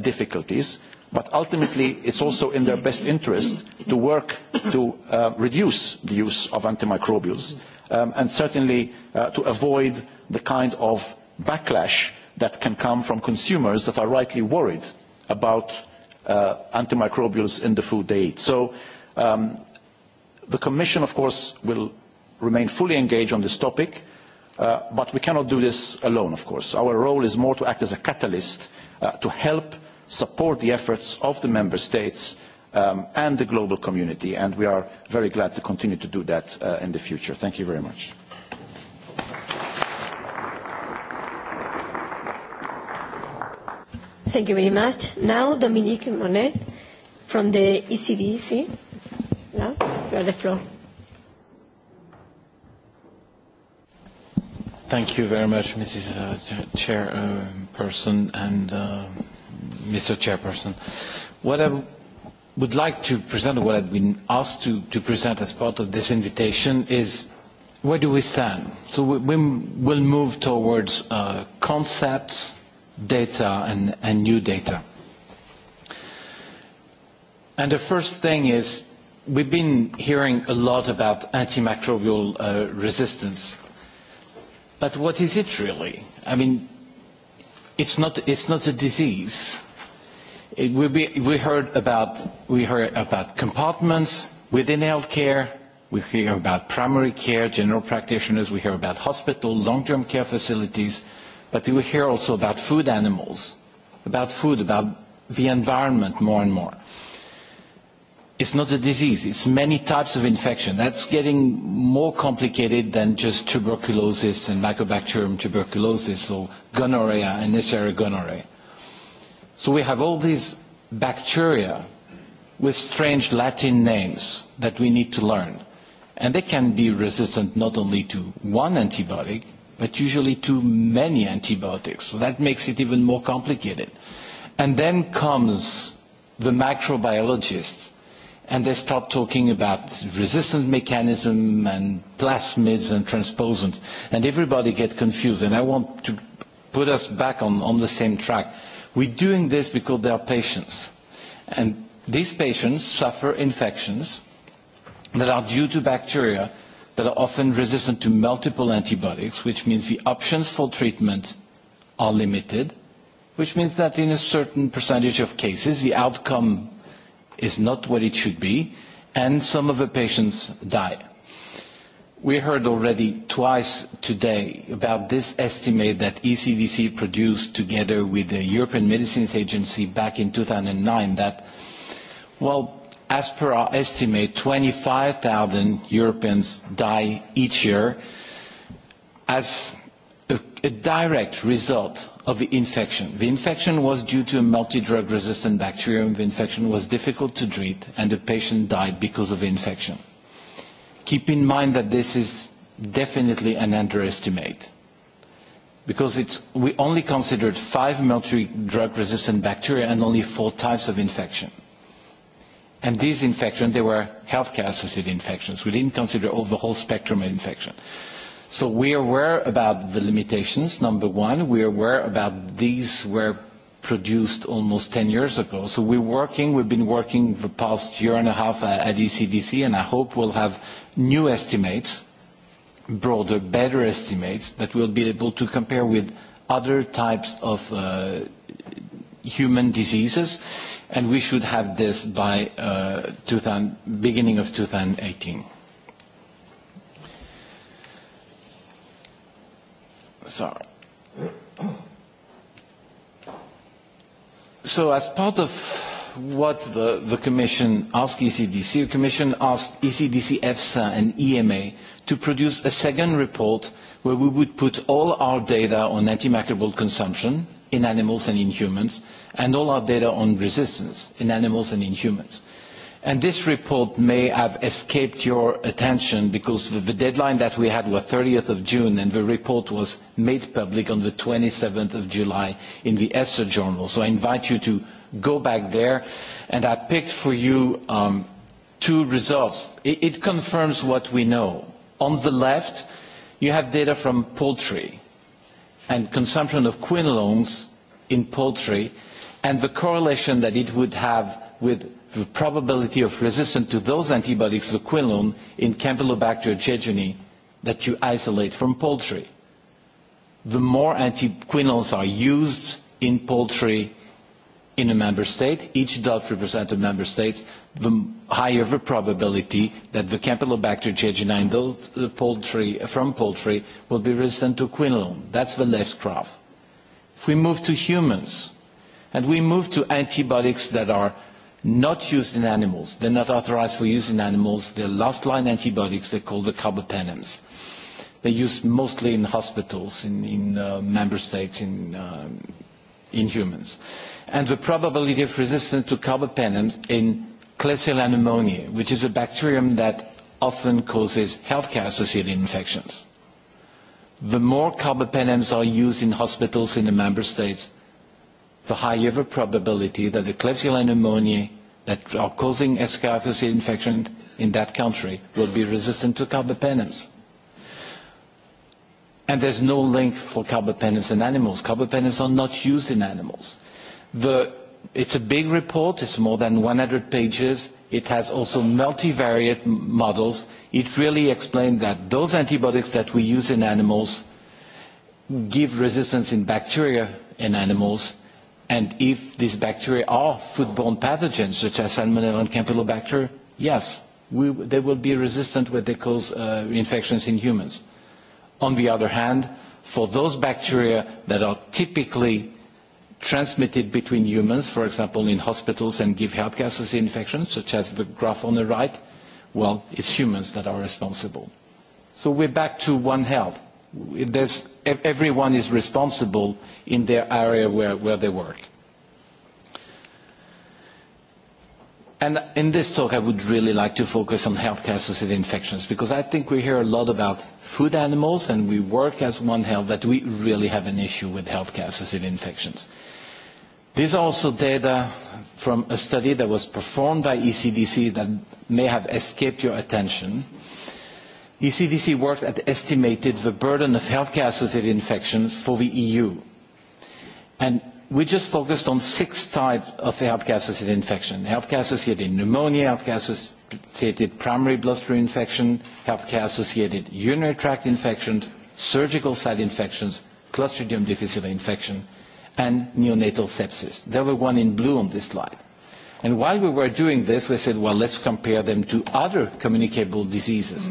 Speaker 4: difficulties, but ultimately it's also in their best interest to work to reduce the use of antimicrobials and certainly to avoid the kind of backlash that can come from consumers that are rightly worried about antimicrobials in the food they eat. So the Commission, of course, will remain fully engaged on this topic, but we cannot do this alone, of course. Our role is more to act as a catalyst to help support the efforts of the Member States and the global community, and we are very glad to continue to do that in the future. Thank you very much.
Speaker 1: Thank you very much. Now, Dominique Monet from the ECDC. Now, you have the floor.
Speaker 5: Thank you very much, Mrs. Chairperson and Mr. Chairperson. What I would like to present, what I've been asked to present as part of this invitation is where do we stand? So we will move towards concepts data and new data. And the first thing is we've been hearing a lot about antimicrobial resistance. But what is it really? I mean, it's not, it's not a disease. we, heard about, we heard about compartments within healthcare. We hear about primary care, general practitioners. We hear about hospital, long-term care facilities. But you hear also about food animals, about food, about the environment more and more. It's not a disease. It's many types of infection. That's getting more complicated than just tuberculosis and mycobacterium tuberculosis or gonorrhea and necessary gonorrhea. So we have all these bacteria with strange Latin names that we need to learn. And they can be resistant not only to one antibiotic, but usually too many antibiotics. So that makes it even more complicated. And then comes the microbiologists, and they start talking about resistant mechanism and plasmids and transposons, and everybody gets confused. And I want to put us back on, on the same track. We're doing this because they are patients. And these patients suffer infections that are due to bacteria that are often resistant to multiple antibiotics, which means the options for treatment are limited, which means that in a certain percentage of cases, the outcome is not what it should be, and some of the patients die. We heard already twice today about this estimate that ECDC produced together with the European Medicines Agency back in 2009 that, well, as per our estimate, 25,000 Europeans die each year as a direct result of the infection. The infection was due to a multi-drug resistant bacterium, the infection was difficult to treat, and the patient died because of the infection. Keep in mind that this is definitely an underestimate because we only considered five multi-drug resistant bacteria and only four types of infection. And these infections, they were healthcare-associated infections. We didn't consider all the whole spectrum of infection. So we are aware about the limitations, number one. We are aware about these were produced almost 10 years ago. So we're working, we've been working the past year and a half at ECDC, and I hope we'll have new estimates, broader, better estimates, that we'll be able to compare with other types of human diseases and we should have this by beginning of 2018. Sorry. So as part of what the, the Commission asked ECDC, the Commission asked ECDC, EFSA and EMA to produce a second report where we would put all our data on antimicrobial consumption in animals and in humans and all our data on resistance in animals and in humans. And this report may have escaped your attention because the deadline that we had was 30th of June and the report was made public on the 27th of July in the EFSA journal. So I invite you to go back there and I picked for you two results. It confirms what we know. On the left, you have data from poultry and consumption of quinolones in poultry and the correlation that it would have with the probability of resistance to those antibiotics, the quinolone, in Campylobacter jejuni that you isolate from poultry. The more antiquinolones are used in poultry in a member state, each adult represents a member state, the higher the probability that the Campylobacter jejuni in poultry, from poultry will be resistant to quinolone. That's the left graph. If we move to humans, and we move to antibiotics that are not used in animals. They're not authorized for use in animals. They're last-line antibiotics. They're called the carbapenems. They're used mostly in hospitals, in member states, in humans. And the probability of resistance to carbapenems in Klebsiella pneumonia, which is a bacterium that often causes healthcare-associated infections. The more carbapenems are used in hospitals in the member states, the higher the probability that the Klebsiella pneumoniae that are causing Escherichia infection in that country will be resistant to carbapenems. And there's no link for carbapenems in animals. Carbapenems are not used in animals. It's a big report. It's more than 100 pages. It has also multivariate models. It really explains that those antibiotics that we use in animals give resistance in bacteria in animals And if these bacteria are foodborne pathogens, such as Salmonella and Campylobacter, yes, they will be resistant when they cause infections in humans. On the other hand, for those bacteria that are typically transmitted between humans, for example, in hospitals and give healthcare-associated infections, such as the graph on the right, well, it's humans that are responsible. So we're back to one health everyone is responsible in their area where they work. And in this talk, I would really like to focus on healthcare-associated infections because I think we hear a lot about food animals and we work as One Health that we really have an issue with healthcare-associated infections. These are also data from a study that was performed by ECDC that may have escaped your attention ECDC worked at estimated the burden of healthcare associated infections for the EU. And we just focused on six types of healthcare associated infection. Healthcare associated pneumonia, healthcare associated primary bloodstream infection, healthcare associated urinary tract infections, surgical site infections, Clostridium difficile infection, and neonatal sepsis. There were one in blue on this slide. And while we were doing this, we said, well, let's compare them to other communicable diseases.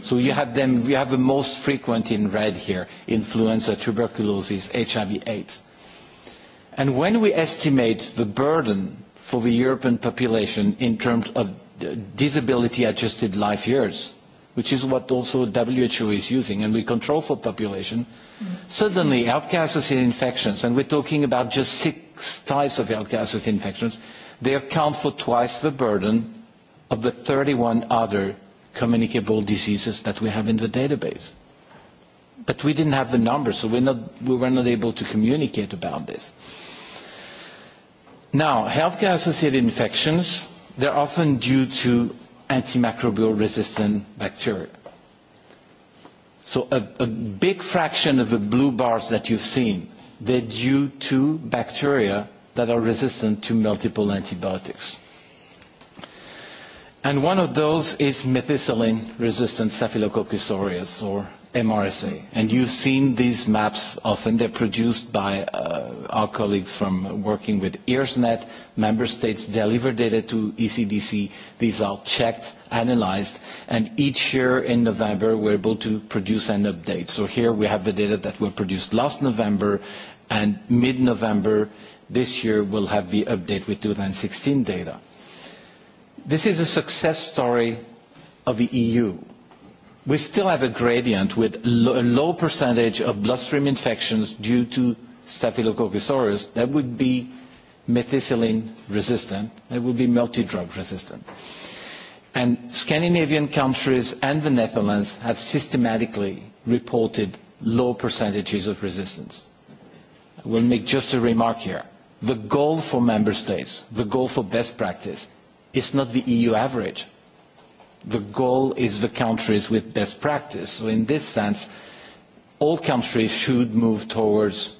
Speaker 5: So you have them, you have the most frequent in red here, influenza, tuberculosis, HIV-AIDS. And when we estimate the burden for the European population in terms of disability-adjusted life years, which is what also WHO is using, and we control for population, suddenly healthcare-associated infections, and we're talking about just six types of healthcare-associated infections, they account for twice the burden of the 31 other communicable diseases that we have in the database. But we didn't have the numbers, so we're not, we were not able to communicate about this. Now, healthcare-associated infections, they're often due to antimicrobial-resistant bacteria. So a big fraction of the blue bars that you've seen, they're due to bacteria that are resistant to multiple antibiotics. And one of those is methicillin-resistant Staphylococcus aureus, or MRSA. And you've seen these maps often. They're produced by our colleagues from working with EARSnet. Member states deliver data to ECDC. These are checked, analyzed, and each year in November we're able to produce an update. So here we have the data that were produced last November, and mid-November this year we'll have the update with 2016 data. This is a success story of the EU. We still have a gradient with a low percentage of bloodstream infections due to Staphylococcus aureus that would be methicillin resistant, that would be multi-drug resistant. And Scandinavian countries and the Netherlands have systematically reported low percentages of resistance. I will make just a remark here. The goal for member states, the goal for best practice It's not the EU average. The goal is the countries with best practice. So in this sense, all countries should move towards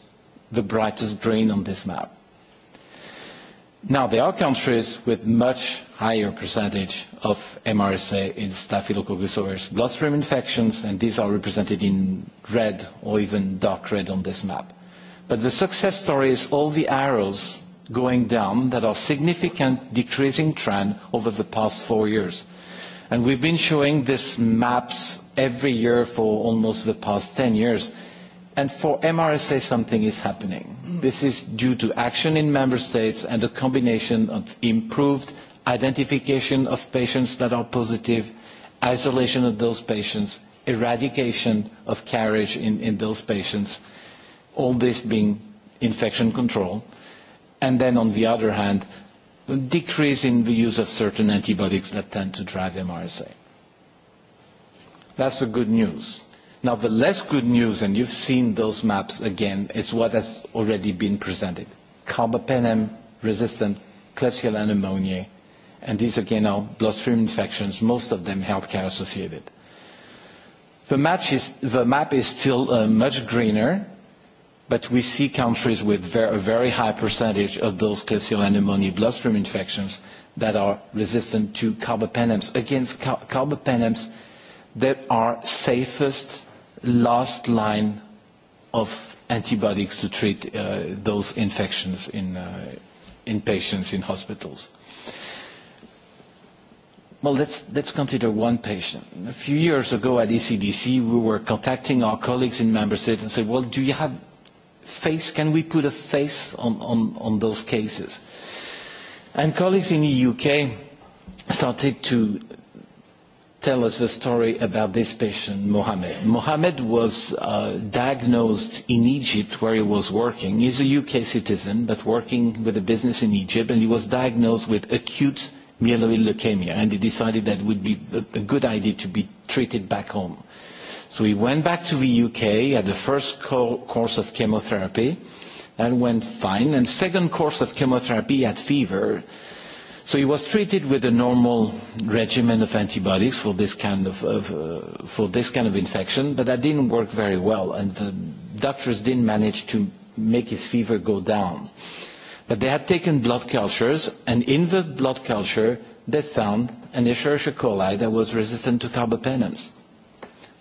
Speaker 5: the brightest green on this map. Now, there are countries with much higher percentage of MRSA in Staphylococcus aureus bloodstream infections, and these are represented in red or even dark red on this map. But the success story is all the arrows going down that are significant decreasing trend over the past four years. And we've been showing these maps every year for almost the past 10 years. And for MRSA, something is happening. This is due to action in member states and a combination of improved identification of patients that are positive, isolation of those patients, eradication of carriage in those patients, all this being infection control and then on the other hand decrease in the use of certain antibiotics that tend to drive MRSA. That's the good news. Now the less good news, and you've seen those maps again, is what has already been presented. Carbapenem resistant Klebsiella pneumoniae, and these again are bloodstream infections, most of them healthcare associated. The map is still much greener But we see countries with a very high percentage of those Klebsiella pneumoniae bloodstream infections that are resistant to carbapenems. Against carbapenems, that are safest last line of antibiotics to treat those infections in patients in hospitals. Well, let's consider one patient. A few years ago at ECDC, we were contacting our colleagues in member states and said, well, do you have face can we put a face on those cases? And colleagues in the UK started to tell us the story about this patient, Mohammed. Mohammed was diagnosed in Egypt where he was working. He's a UK citizen, but working with a business in Egypt, and he was diagnosed with acute myeloid leukemia, and he decided that it would be a good idea to be treated back home. So he went back to the UK, had the first course of chemotherapy. and went fine. And second course of chemotherapy, had fever. So he was treated with a normal regimen of antibiotics for this kind of for this kind of infection, but that didn't work very well, and the doctors didn't manage to make his fever go down. But they had taken blood cultures, and in the blood culture they found an Escherichia coli that was resistant to carbapenems.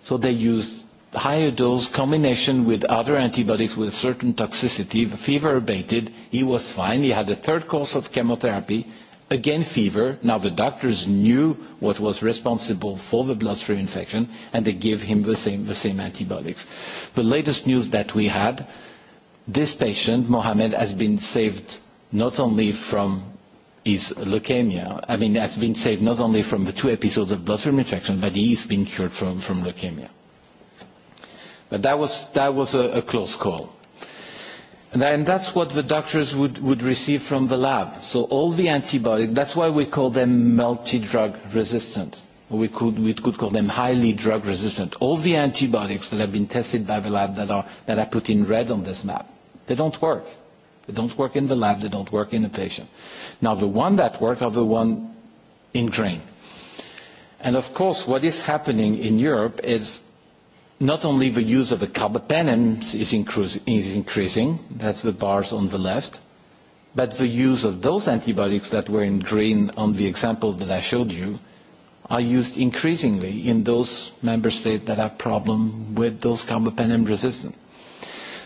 Speaker 5: So they used higher dose combination with other antibiotics with certain toxicity. The fever abated. He was fine. He had a third course of chemotherapy. Again, fever. Now the doctors knew what was responsible for the bloodstream infection, and they gave him the same antibiotics. The latest news that we had, this patient, Mohammed, has been saved not only from is leukemia. I mean, has been saved not only from the two episodes of bloodstream infection, but he been cured from leukemia. But that was that was a close call. And that's what the doctors would receive from the lab. So all the antibiotics, that's why we call them multi-drug resistant. We could call them highly drug resistant. All the antibiotics that have been tested by the lab that are put in red on this map, they don't work. They don't work in the lab. They don't work in the patient. Now, the one that work are the one in grain. And of course, what is happening in Europe is not only the use of the carbapenem is increasing, that's the bars on the left, but the use of those antibiotics that were in green on the example that I showed you are used increasingly in those member states that have problem with those carbapenem resistant.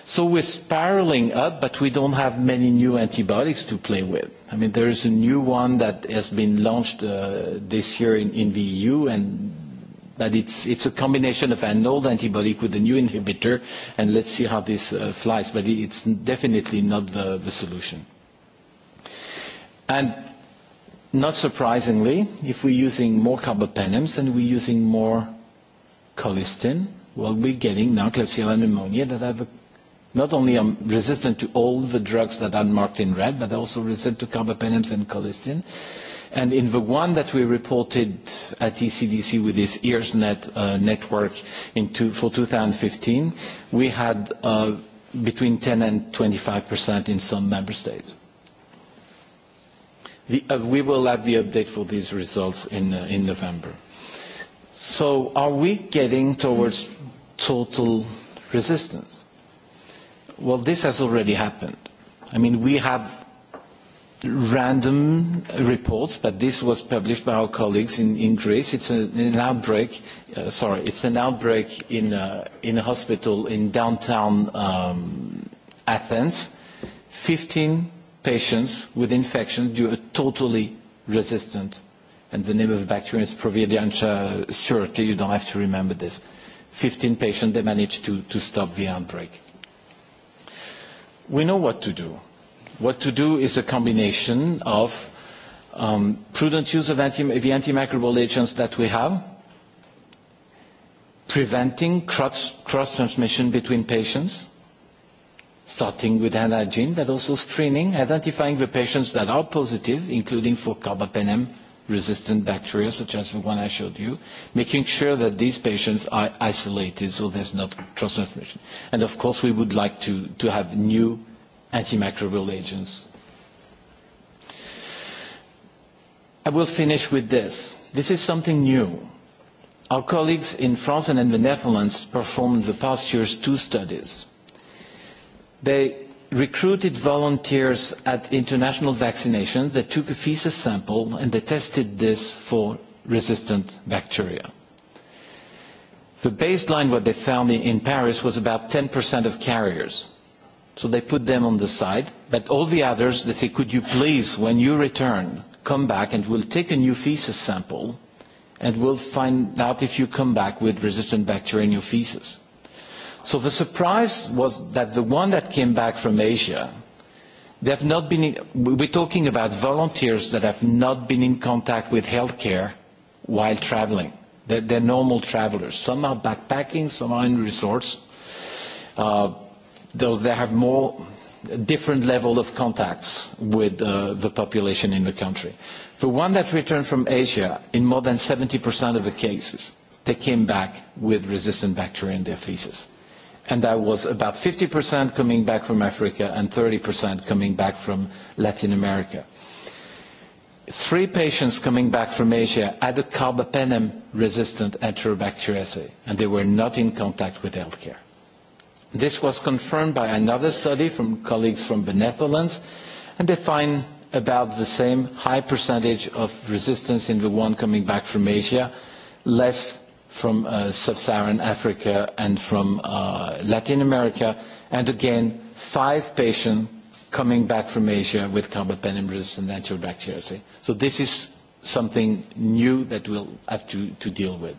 Speaker 5: So we're spiraling up, but we don't have many new antibiotics to play with. I mean, there is a new one that has been launched this year in the EU, and but it's a combination of an old antibiotic with a new inhibitor, and let's see how this flies. But it's definitely not the solution. And not surprisingly, if we're using more carbapenems and we're using more colistin, well, we're getting now Klebsiella pneumonia that have a not only are resistant to all the drugs that are marked in red, but also resistant to carbapenems and colistin. And in the one that we reported at ECDC with this EARSnet network for 2015, we had between 10 and 25% in some member states. We will have the update for these results in November. So are we getting towards total resistance? Well, this has already happened. I mean, we have random reports, but this was published by our colleagues in, in Greece. It's an outbreak, sorry, it's an outbreak in, in a hospital in downtown Athens. 15 patients with infection due to totally resistant, and the name of the bacterium is Providiantia surety, you don't have to remember this. 15 patients, they managed to, to stop the outbreak we know what to do. What to do is a combination of prudent use of the antimicrobial agents that we have, preventing cross-transmission between patients, starting with hand hygiene, but also screening, identifying the patients that are positive, including for carbapenem resistant bacteria, such as the one I showed you, making sure that these patients are isolated so there's not cross transmission. And of course, we would like to to have new antimicrobial agents. I will finish with this. This is something new. Our colleagues in France and in the Netherlands performed the past years two studies. They recruited volunteers at international vaccinations that took a feces sample and they tested this for resistant bacteria. The baseline what they found in Paris was about 10% of carriers. So they put them on the side, but all the others, they say, could you please, when you return, come back and we'll take a new feces sample and we'll find out if you come back with resistant bacteria in your feces. So the surprise was that the one that came back from Asia, they have not been, we're talking about volunteers that have not been in contact with healthcare while traveling. They're, they're normal travelers. Some are backpacking, some are in resorts. Uh, those that have more different level of contacts with the population in the country. The one that returned from Asia, in more than 70% of the cases, they came back with resistant bacteria in their feces and that was about 50% coming back from Africa and 30% coming back from Latin America. Three patients coming back from Asia had a carbapenem-resistant enterobacteriaceae, and they were not in contact with healthcare. This was confirmed by another study from colleagues from the Netherlands, and they find about the same high percentage of resistance in the one coming back from Asia, less from sub-Saharan Africa and from Latin America, and again, five patients coming back from Asia with carbapenem and enterobacteriaceae. So this is something new that we'll have to deal with.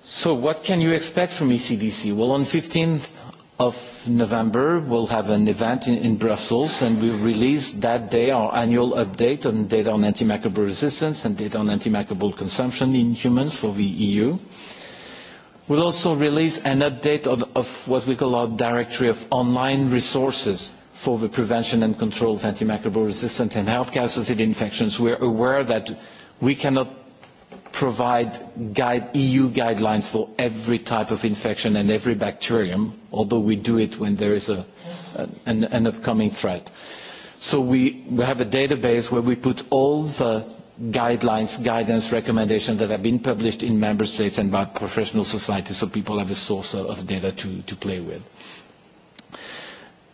Speaker 5: So what can you expect from ECDC? Well, on 15 of November, we'll have an event in Brussels, and we'll release that day our annual update on data on antimicrobial resistance and data on antimicrobial consumption in humans for the EU. We'll also release an update of what we call our directory of online resources for the prevention and control of antimicrobial resistance and healthcare-associated infections. We're aware that we cannot provide EU guidelines for every type of infection and every bacterium, although we do it when there is an upcoming threat. So we have a database where we put all the guidelines, guidance, recommendations that have been published in member states and by professional societies so people have a source of data to play with.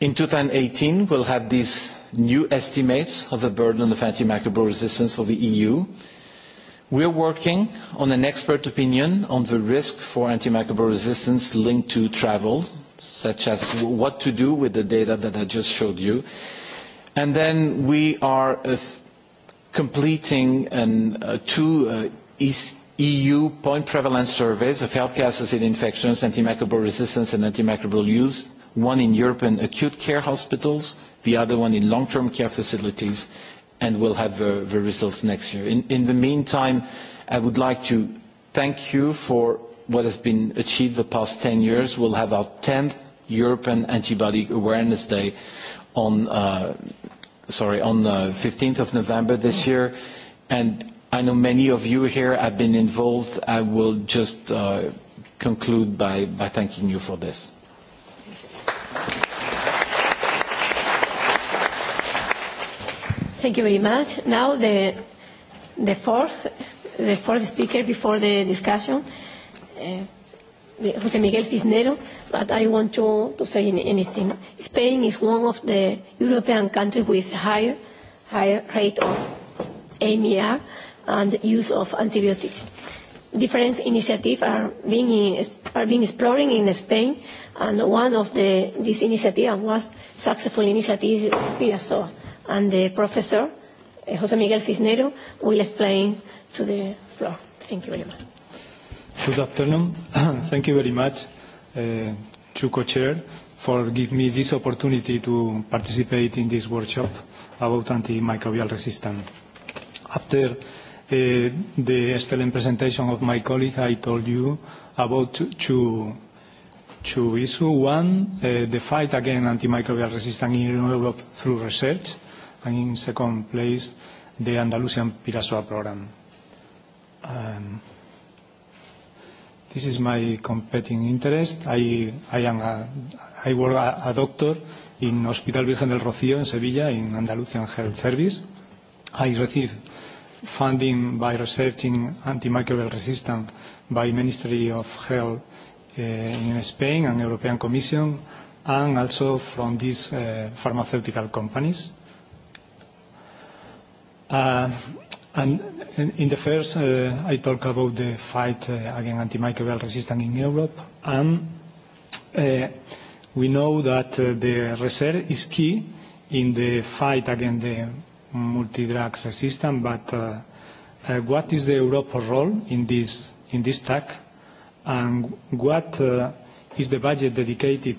Speaker 5: In 2018, we'll have these new estimates of the burden of antimicrobial resistance for the EU We are working on an expert opinion on the risk for antimicrobial resistance linked to travel, such as what to do with the data that I just showed you. And then we are completing two EU point prevalence surveys of healthcare-associated infections, antimicrobial resistance and antimicrobial use, one in European acute care hospitals, the other one in long-term care facilities and we'll have the results next year. In the meantime, I would like to thank you for what has been achieved the past 10 years. We'll have our 10th European Antibody Awareness Day on on the 15th of November this year. And I know many of you here have been involved. I will just conclude by thanking you for this.
Speaker 1: Thank you very much. Now the the fourth the fourth speaker before the discussion, José Miguel Fisnero, but I want to to say anything. Spain is one of the European countries with higher higher rate of AMR and use of antibiotics. Different initiatives are being are being exploring in Spain, and one of the these initiatives was successful initiative Piazoa and the professor, José Miguel Cisnero, will explain to the floor. Thank you very much.
Speaker 6: Good afternoon. Thank you very much to co-chair for giving me this opportunity to participate in this workshop about antimicrobial resistance. After the excellent presentation of my colleague, I told you about two two issues. One, the fight against antimicrobial resistance in Europe through research and in second place, the Andalusian Pirasoa program. This is my competing interest. I I am work a doctor in Hospital Virgen del Rocío in Sevilla in Andalusian Health Service. I receive funding by researching antimicrobial resistance by Ministry of Health in Spain and European Commission and also from these pharmaceutical companies. And in the first, I talk about the fight against antimicrobial resistance in Europe. And we know that the research is key in the fight against the multi-drug resistance, but what is the Europol role in this in this task, and what is the budget dedicated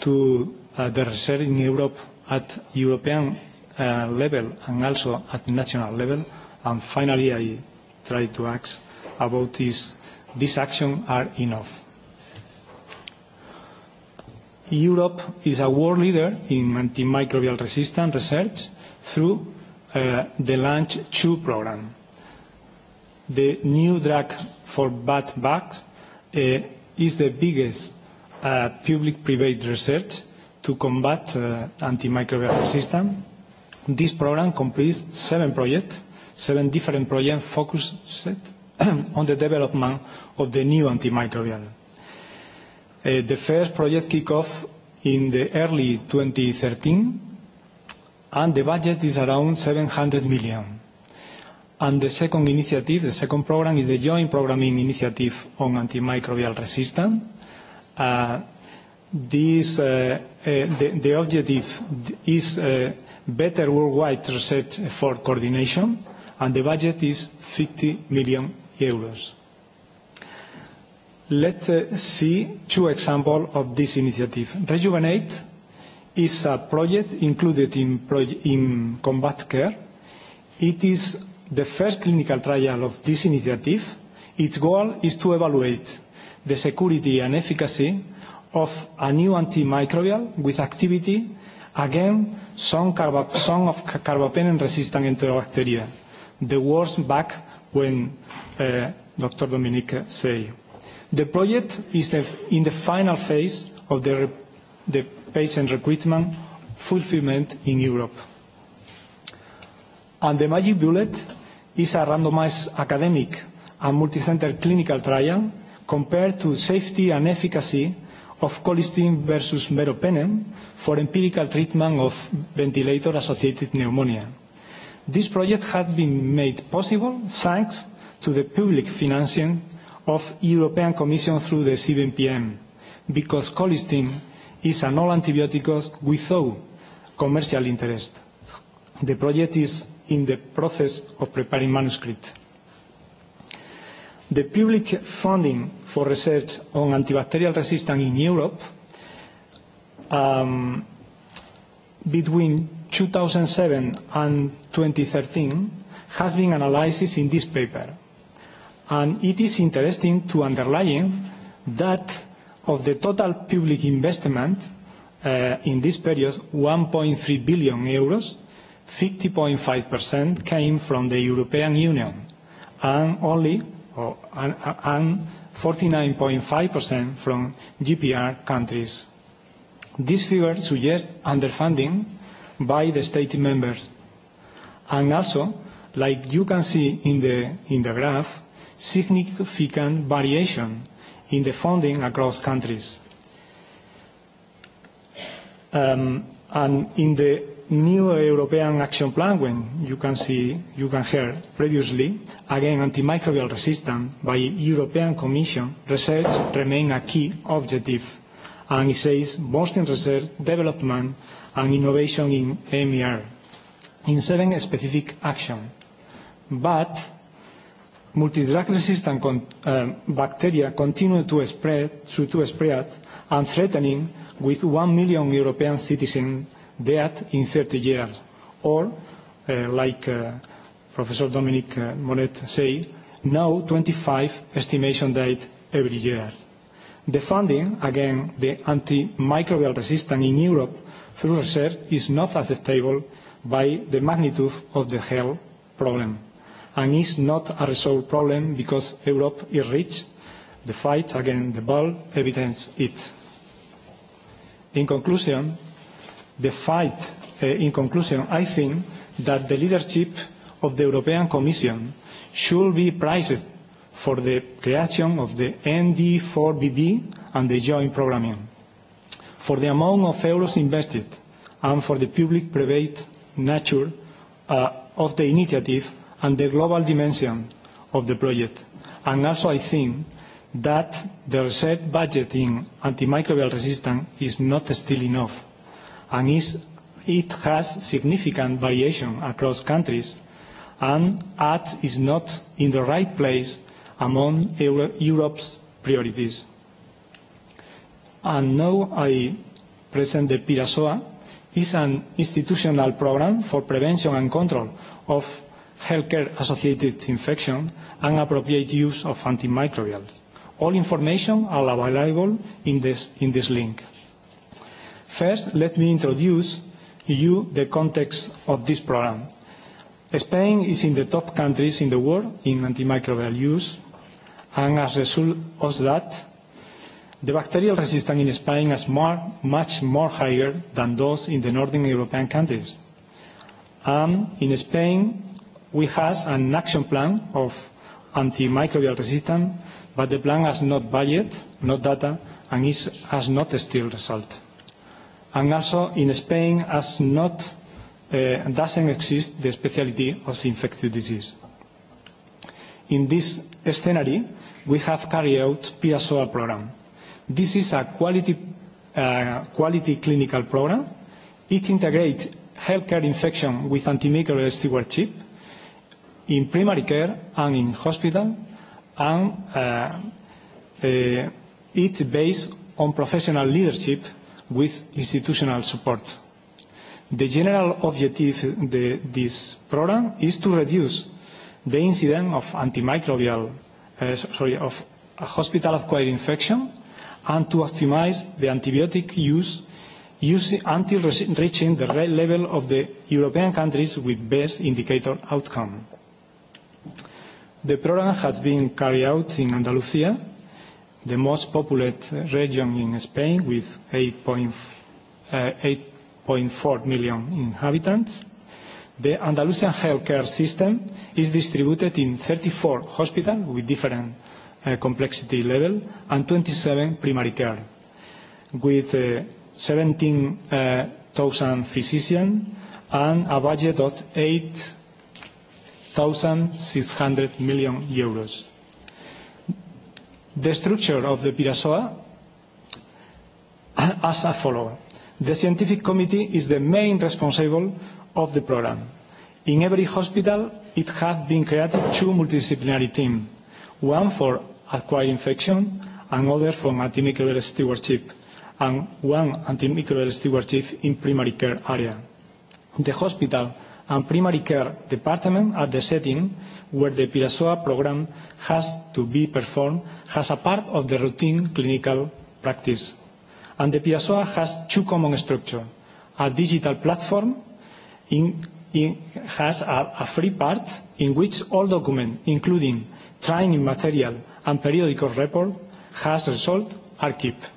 Speaker 6: to the research in Europe at European level and also at national level. And finally, I try to ask about this, these actions are enough. Europe is a world leader in antimicrobial resistant research through the Launch two program. The new drug for bad bugs is the biggest public-private research to combat antimicrobial resistance This program completes seven projects, seven different projects focused on the development of the new antimicrobial. The first project kicked off in the early 2013, and the budget is around 700 million. And the second initiative, the second program, is the Joint Programming Initiative on Antimicrobial Resistance. the objective is better worldwide research for coordination, and the budget is 50 million euros. Let's see two examples of this initiative. Rejuvenate is a project included in Combat Care. It is the first clinical trial of this initiative. Its goal is to evaluate the security and efficacy of a new antimicrobial with activity Again, some, of carbapenem resistant enterobacteria, the worst back when Dr. Dominique said. The project is in the final phase of the, the patient recruitment fulfillment in Europe. And the magic bullet is a randomized academic and multicenter clinical trial compared to safety and efficacy of colistin versus meropenem for empirical treatment of ventilator-associated pneumonia. This project has been made possible thanks to the public financing of the European Commission through the CBMPM, because colistin is an all antibiotic without commercial interest. The project is in the process of preparing manuscript. The public funding for research on antibacterial resistance in Europe between 2007 and 2013 has been analysed in this paper. And it is interesting to underline that of the total public investment in this period, 1.3 billion euros, 50.5% came from the European Union and only and 49.5% from GPR countries. This figure suggests underfunding by the state members. And also, like you can see in the, in the graph, significant variation in the funding across countries. and in the new European Action Plan, when you can see, you can hear previously, again, antimicrobial resistance by European Commission, research remains a key objective, and it says boosting research, development, and innovation in MER, in seven specific actions. But multidrug resistant bacteria continue to spread, to spread, and threatening with one million European citizens That in 30 years, or, like Professor Dominic Monet said, now 25 estimation date every year. The funding against the antimicrobial resistance in Europe through research is not acceptable by the magnitude of the health problem and is not a resolved problem because Europe is rich. The fight against the ball evidences it. In conclusion, the fight in conclusion i think that the leadership of the european commission should be prized for the creation of the nd4bb and the joint programming for the amount of euros invested and for the public private nature of the initiative and the global dimension of the project and also i think that the research budget in antimicrobial resistance is not still enough and it has significant variation across countries and it is not in the right place among Europe's priorities. And now I present the PIRASOA. is an institutional program for prevention and control of healthcare-associated infection and appropriate use of antimicrobials. All information are available in this link. First, let me introduce you the context of this program. Spain is in the top countries in the world in antimicrobial use, and as a result of that, the bacterial resistance in Spain is much more higher than those in the northern European countries. in Spain, we have an action plan of antimicrobial resistance, but the plan has not budget, not data, and has not still result and also in Spain as not doesn't exist the speciality of infectious disease. In this scenario, we have carried out PSOA program. This is a quality quality clinical program. It integrates healthcare infection with antimicrobial stewardship in primary care and in hospital, and it's based on professional leadership with institutional support. The general objective of this program is to reduce the incidence of antimicrobial, sorry, of hospital-acquired infection and to optimize the antibiotic use until reaching the level of the European countries with best indicator outcome. The program has been carried out in Andalusia the most populous region in Spain with 8.4 million inhabitants. The Andalusian healthcare system is distributed in 34 hospitals with different complexity level and 27 primary care, with 17,000 physicians and a budget of 8,600 million euros. The structure of the Pirasoa as a follows. The scientific committee is the main responsible of the program. In every hospital, it has been created two multidisciplinary teams, one for acquired infection and other for antimicrobial stewardship, and one antimicrobial stewardship in primary care area. The hospital and primary care department at the setting where the Pirasoa program has to be performed has a part of the routine clinical practice. And the Pirasoa has two common structures. A digital platform has a free part in which all documents, including training material and periodical report, has result are kept.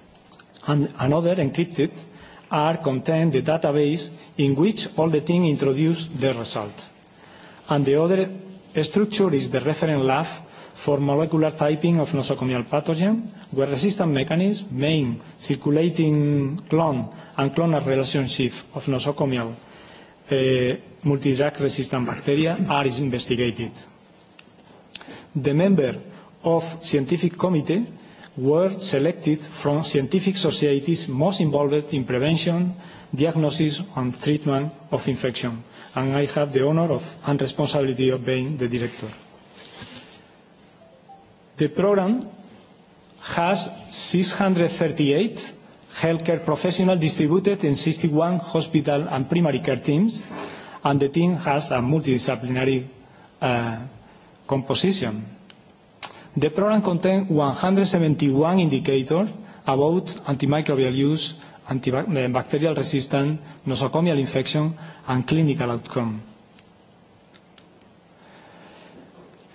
Speaker 6: And another encrypted are contained the database in which all the team introduce the result. And the other structure is the reference lab for molecular typing of nosocomial pathogen, where resistant mechanisms, main circulating clone and clonal relationship of nosocomial multidrug resistant bacteria are investigated. The member of scientific committee were selected from scientific societies most involved in prevention, diagnosis and treatment of infection, and I have the honor of and responsibility of being the director. The program has 638 healthcare professionals distributed in 61 hospital and primary care teams, and the team has a multidisciplinary composition. The program contains 171 indicators about antimicrobial use, antibacterial resistance, nosocomial infection, and clinical outcome.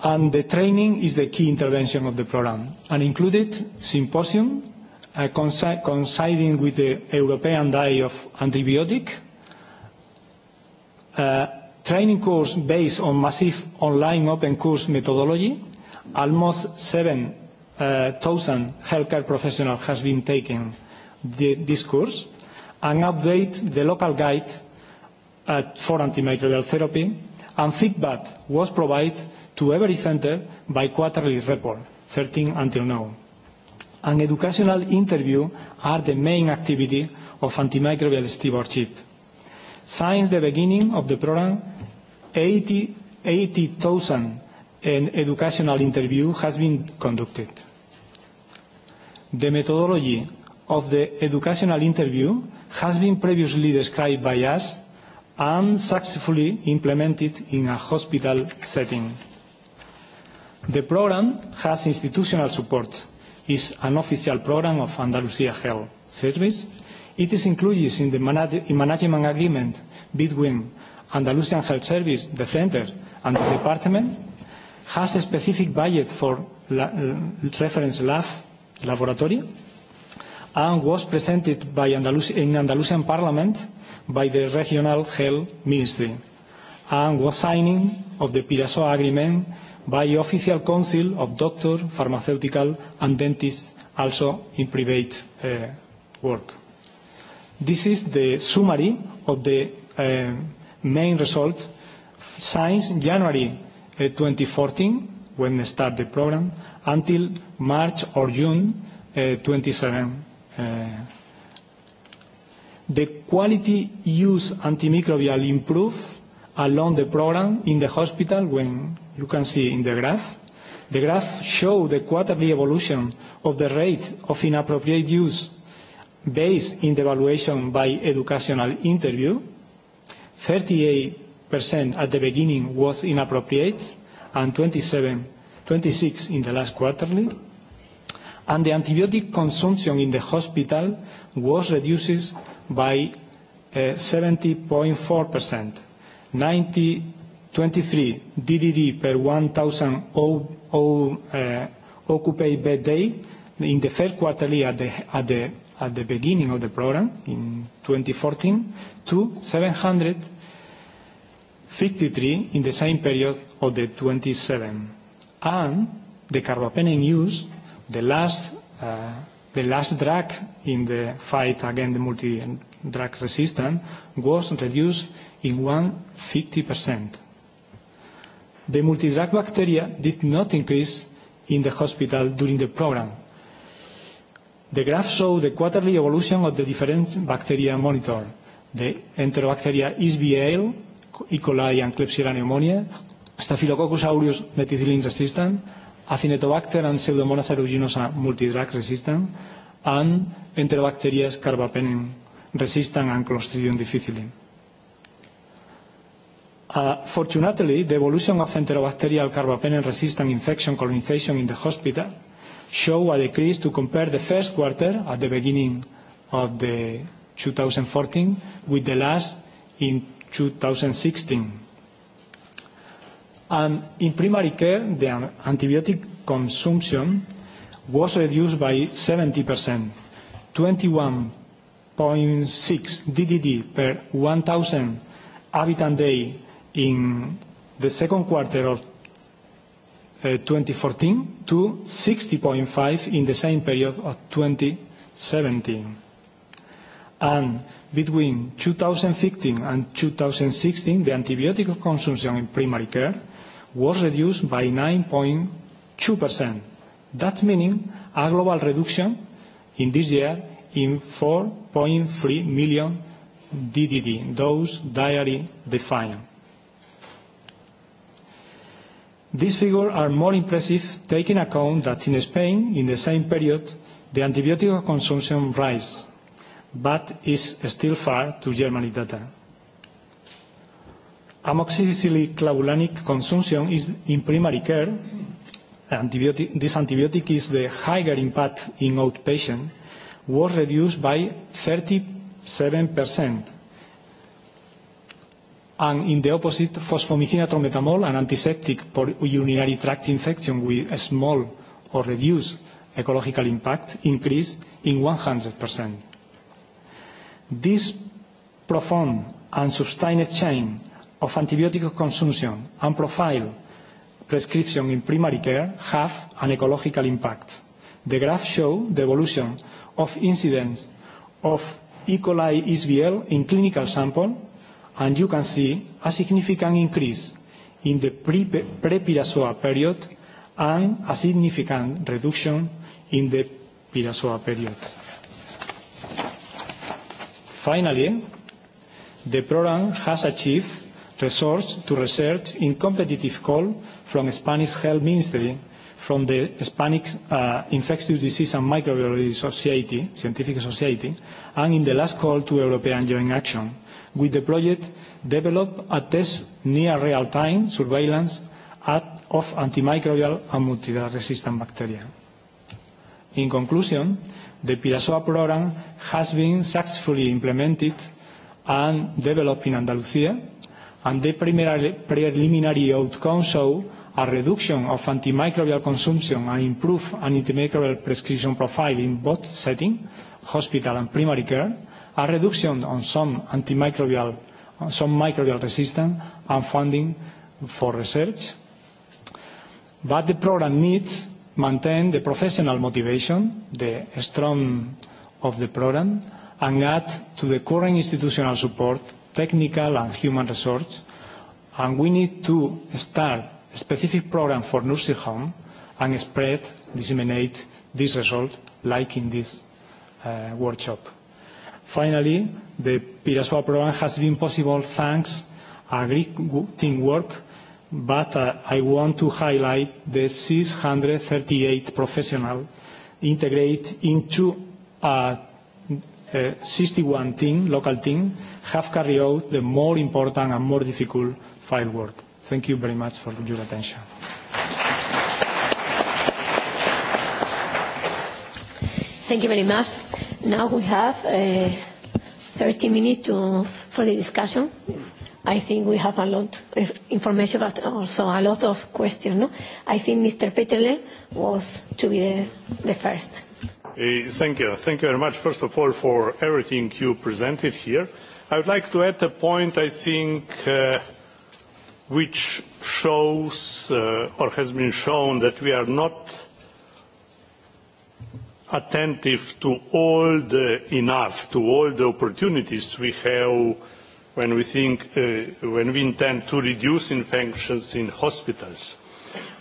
Speaker 6: And the training is the key intervention of the program, and included symposium coinciding with the European Day of Antibiotic, training course based on massive online open course methodology, Almost 7,000 healthcare professionals has been taken this course and update the local guide for antimicrobial therapy and feedback was provided to every centre by quarterly report, 13 until now. An educational interview are the main activity of antimicrobial stewardship. Since the beginning of the program, 80,000 an educational interview has been conducted. The methodology of the educational interview has been previously described by us and successfully implemented in a hospital setting. The program has institutional support, is an official program of Andalusia Health Service. It is included in the management agreement between Andalusian Health Service, the center and the Department has a specific budget for reference lab laboratory and was presented by in Andalusian Parliament by the Regional Health Ministry and was signing of the Piraso Agreement by Official Council of Doctors, Pharmaceutical and Dentists also in private work. This is the summary of the main result signed January 2014, when they start the program, until March or June 2017, The quality use antimicrobial improve along the program in the hospital, when you can see in the graph. The graph show the quarterly evolution of the rate of inappropriate use based in the evaluation by educational interview. 38 at the beginning was inappropriate and 26 in the last quarterly. And the antibiotic consumption in the hospital was reduced by 70.4%. 23 DDD per 1,000 occupied bed day in the first quarterly at the beginning of the program in 2014 to 700 53 in the same period of the 27. And the carbapenem use, the last the last drug in the fight against the multi-drug resistance, was reduced in 150%. The multi-drug bacteria did not increase in the hospital during the program. The graph showed the quarterly evolution of the different bacteria monitor, The Enterobacteria ISBL E. coli and Klebsiella pneumonia, Staphylococcus aureus methicillin resistant, Acinetobacter and Pseudomonas aeruginosa multidrug resistant, and Enterobacterias carbapenem resistant and Clostridium difficile. Fortunately, the evolution of enterobacterial carbapenem-resistant infection colonization in the hospital show a decrease to compare the first quarter at the beginning of the 2014 with the last in 2016. in primary care, the antibiotic consumption was reduced by 70%, 21.6 DDD per 1,000 habitant day in the second quarter of 2014 to 60.5 in the same period of 2017. Between 2015 and 2016, the antibiotic consumption in primary care was reduced by 9.2%. That meaning a global reduction in this year in 4.3 million DDD, those diary defined. These figures are more impressive taking account that in Spain, in the same period, the antibiotic consumption rise but is still far to Germany data. Amoxicillin clavulanic consumption is in primary care. This antibiotic is the higher impact in outpatient, was reduced by 37%. And in the opposite, fosfomycin atrometamol, an antiseptic for urinary tract infection with a small or reduced ecological impact, increased in 100%. This profound and sustained chain of antibiotic consumption and profile prescription in primary care have an ecological impact. The graph shows the evolution of incidence of E. coli SBL in clinical sample, and you can see a significant increase in the pre-pirazoa period and a significant reduction in the pirazoa period. Finally, the program has achieved resource to research in competitive call from Spanish Health Ministry, from the Spanish Infectious Disease and Microbiology Society, Scientific Society, and in the last call to European Joint Action, with the project develop a test near real-time surveillance of antimicrobial and multidrug-resistant bacteria. In conclusion, the Pirasoa program has been successfully implemented and developed in Andalusia, and the preliminary outcomes show a reduction of antimicrobial consumption and improved antimicrobial prescription profile in both settings, hospital and primary care, a reduction on some antimicrobial some microbial resistance and funding for research. But the program needs maintain the professional motivation, the strong of the program, and add to the current institutional support, technical and human resources. and we need to start a specific program for nursing home and spread, disseminate this result, like in this workshop. Finally, the Pirasua program has been possible thanks to a great teamwork but I want to highlight the 638 professionals integrated into a 61 team, local team, have carried out the more important and more difficult file work. Thank you very much for your attention.
Speaker 1: Thank you very much. Now we have 30 minutes for the discussion. I think we have a lot of information, but also a lot of questions. I think Mr. Peterle was to be the first.
Speaker 2: Thank you. Thank you very much, first of all, for everything you presented here. I would like to add a point, I think, which shows or has been shown that we are not attentive to all the enough, to all the opportunities we have when we think when we intend to reduce infections in hospitals.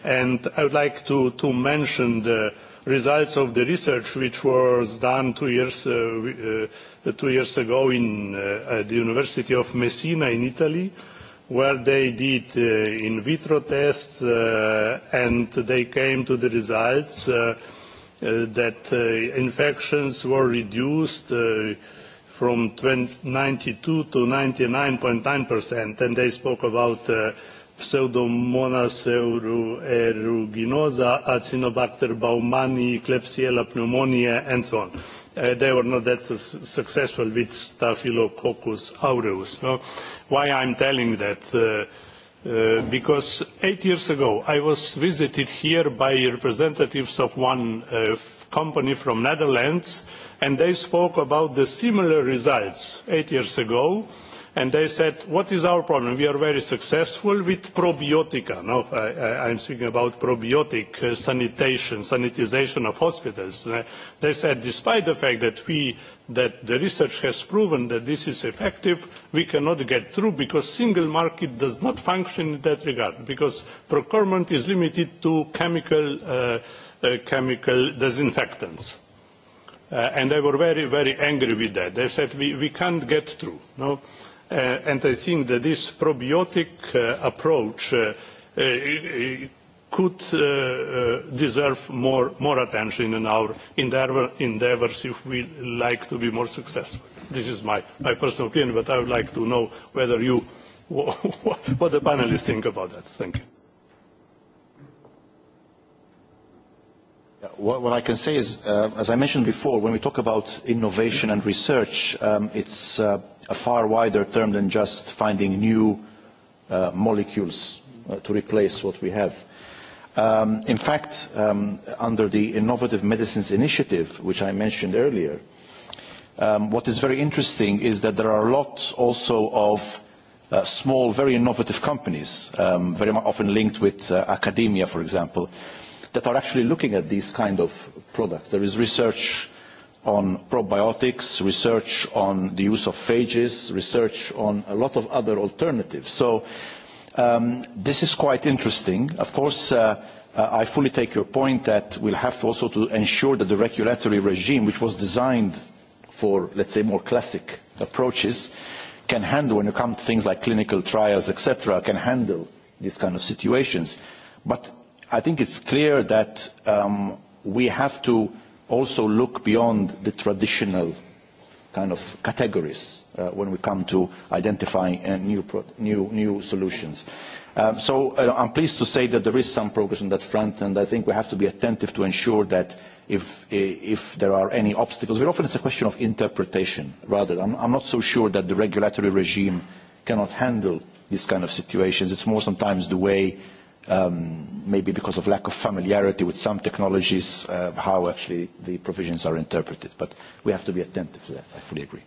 Speaker 2: And I would like to mention the results of the research which was done two years ago at the University of Messina in Italy, where they did in vitro tests and they came to the results that infections were reduced from 92 to 99.9%, and they spoke about Pseudomonas aeruginosa, Acinobacter baumannii, Klebsiella pneumoniae, and so on. They were not that successful with Staphylococcus aureus. Why I'm telling that? Because eight years ago I was visited here by representatives of one company from Netherlands, and they spoke about the similar results eight years ago, and they said, what is our problem? We are very successful with probiotica. I am speaking about probiotic sanitation, sanitization of hospitals. They said, despite the fact that that the research has proven that this is effective, we cannot get through because single market does not function in that regard, because procurement is limited to chemical chemical disinfectants. And they were very, very angry with that. They said, we can't get through. And I think that this probiotic approach could deserve more attention in our endeavors if we like to be more successful. This is my personal opinion, but I would like to know whether you, what the panelists think about that. Thank you.
Speaker 4: What I can say is, as I mentioned before, when we talk about innovation and research, it's a far wider term than just finding new molecules to replace what we have. In fact, under the Innovative Medicines Initiative, which I mentioned earlier, what is very interesting is that there are a lot also of small, very innovative companies, very often linked with academia, for example that are actually looking at these kind of products. There is research on probiotics, research on the use of phages, research on a lot of other alternatives. So this is quite interesting. Of course, I fully take your point that we'll have also to ensure that the regulatory regime, which was designed for, let's say, more classic approaches, can handle, when you come to things like clinical trials, etc., can handle these kind of situations. But I think it's clear that we have to also look beyond the traditional kind of categories when we come to identifying new solutions. So I'm pleased to say that there is some progress on that front, and I think we have to be attentive to ensure that if there are any obstacles, very often it's a question of interpretation rather. I'm not so sure that the regulatory regime cannot handle these kind of situations. It's more sometimes the way maybe because of lack of familiarity with some technologies, how actually the provisions are interpreted. But we have to be attentive to that. I fully agree.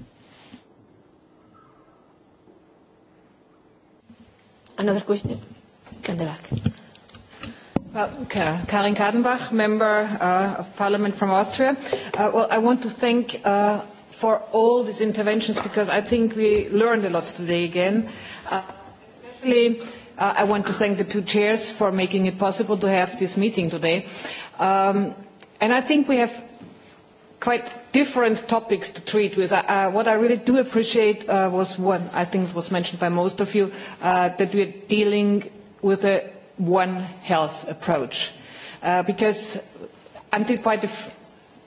Speaker 1: Another question?
Speaker 7: Karin Kadenbach, member of Parliament from Austria. Well, I want to thank for all these interventions because I think we learned a lot today again. Especially I want to thank the two chairs for making it possible to have this meeting today. And I think we have quite different topics to treat with. What I really do appreciate was one, I think it was mentioned by most of you, that we are dealing with a one health approach. Because until quite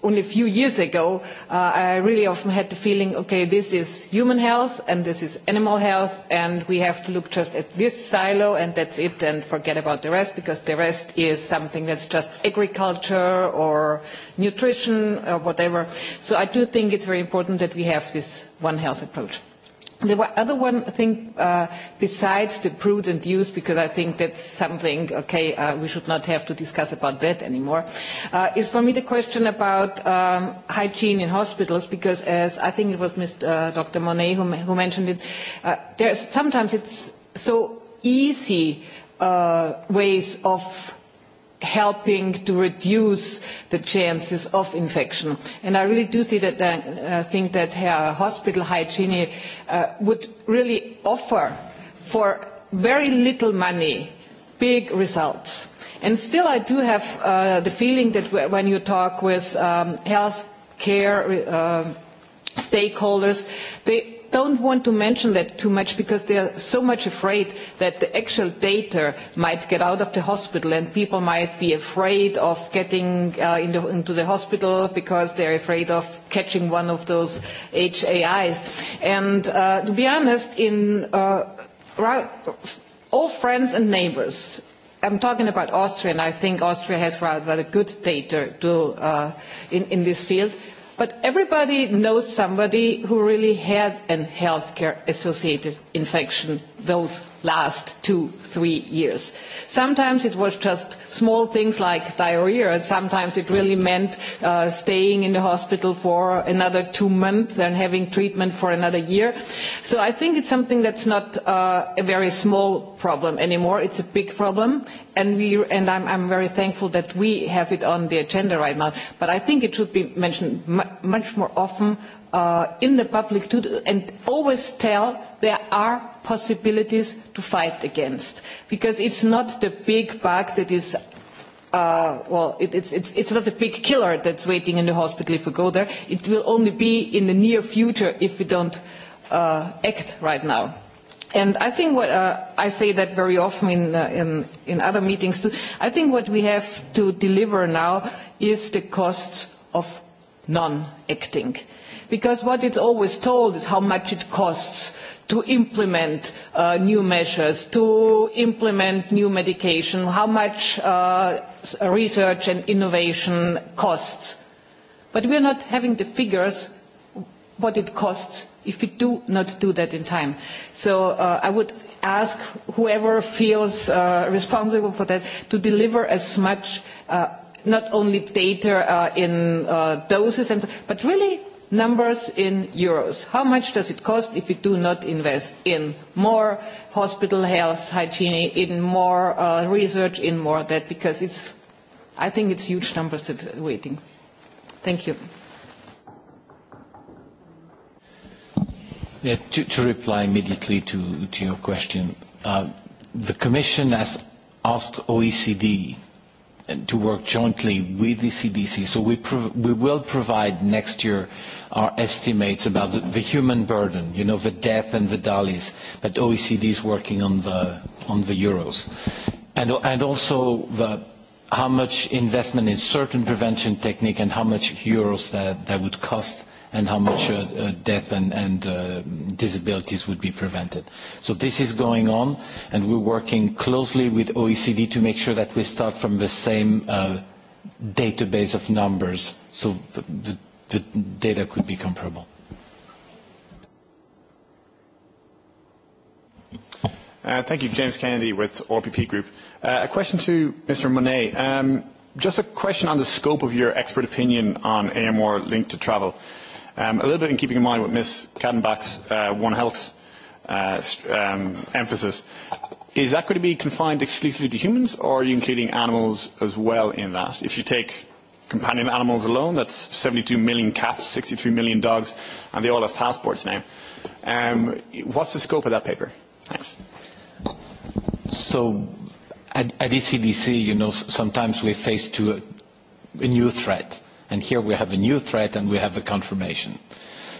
Speaker 7: only a few years ago, I really often had the feeling, okay, this is human health and this is animal health, and we have to look just at this silo and that's it, and forget about the rest, because the rest is something that's just agriculture or nutrition or whatever. So I do think it's very important that we have this one health approach. The other one thing besides the prudent use, because I think that's something, okay, we should not have to discuss about that anymore, is for me the question about hygiene in hospitals, because as I think it was Dr. Monet who mentioned it, sometimes it's so easy ways of helping to reduce the chances of infection. And I really do think that hospital hygiene would really offer for very little money big results. And still I do have the feeling that when you talk with health care stakeholders, they don't want to mention that too much because they are so much afraid that the actual data might get out of the hospital and people might be afraid of getting into the hospital because they are afraid of catching one of those HAIs. And to be honest, in all friends and neighbours, I'm talking about Austria, and I think Austria has rather good data in this field But everybody knows somebody who really had a healthcare associated infection those last two, three years. Sometimes it was just small things like diarrhea, and sometimes it really meant staying in the hospital for another two months and having treatment for another year. So I think it's something that's not a very small problem anymore. It's a big problem, and I'm very thankful that we have it on the agenda right now. But I think it should be mentioned much more often in the public and always tell there are possibilities to fight against because it's not the big bug that is well it's not the big killer that's waiting in the hospital if we go there it will only be in the near future if we don't act right now and i think what i say that very often in in other meetings too i think what we have to deliver now is the costs of non acting because what it's always told is how much it costs to implement new measures, to implement new medication, how much research and innovation costs. But we are not having the figures what it costs if we do not do that in time. So I would ask whoever feels responsible for that to deliver as much not only data in doses, but really numbers in euros. How much does it cost if we do not invest in more hospital health hygiene, in more research, in more that? Because it's, I think it's huge numbers that are waiting. Thank you.
Speaker 5: To reply immediately to your question, the Commission has asked OECD to work jointly with the CDC, so we will provide next year Our estimates about the human burden, you know, the death and the dalis, but OECD is working on the on the euros, and also the how much investment in certain prevention technique and how much euros that would cost and how much death and disabilities would be prevented. So this is going on, and we're working closely with OECD to make sure that we start from the same database of numbers, so the the data could be comparable.
Speaker 3: Thank you. James Kennedy with RPP Group. A question to Mr. Monet. Just a question on the scope of your expert opinion on AMR linked to travel. A little bit in keeping in mind with Ms. Cadenbach's One Health emphasis. Is that going to be confined exclusively to humans, or are you including animals as well in that? If you take companion animals alone. That's 72 million cats, 63 million dogs, and they all have passports now. Um, what's the scope of that paper? Thanks. So
Speaker 5: at, at ECDC, you know, sometimes we face to a, a new threat. And here we have a new threat and we have a confirmation.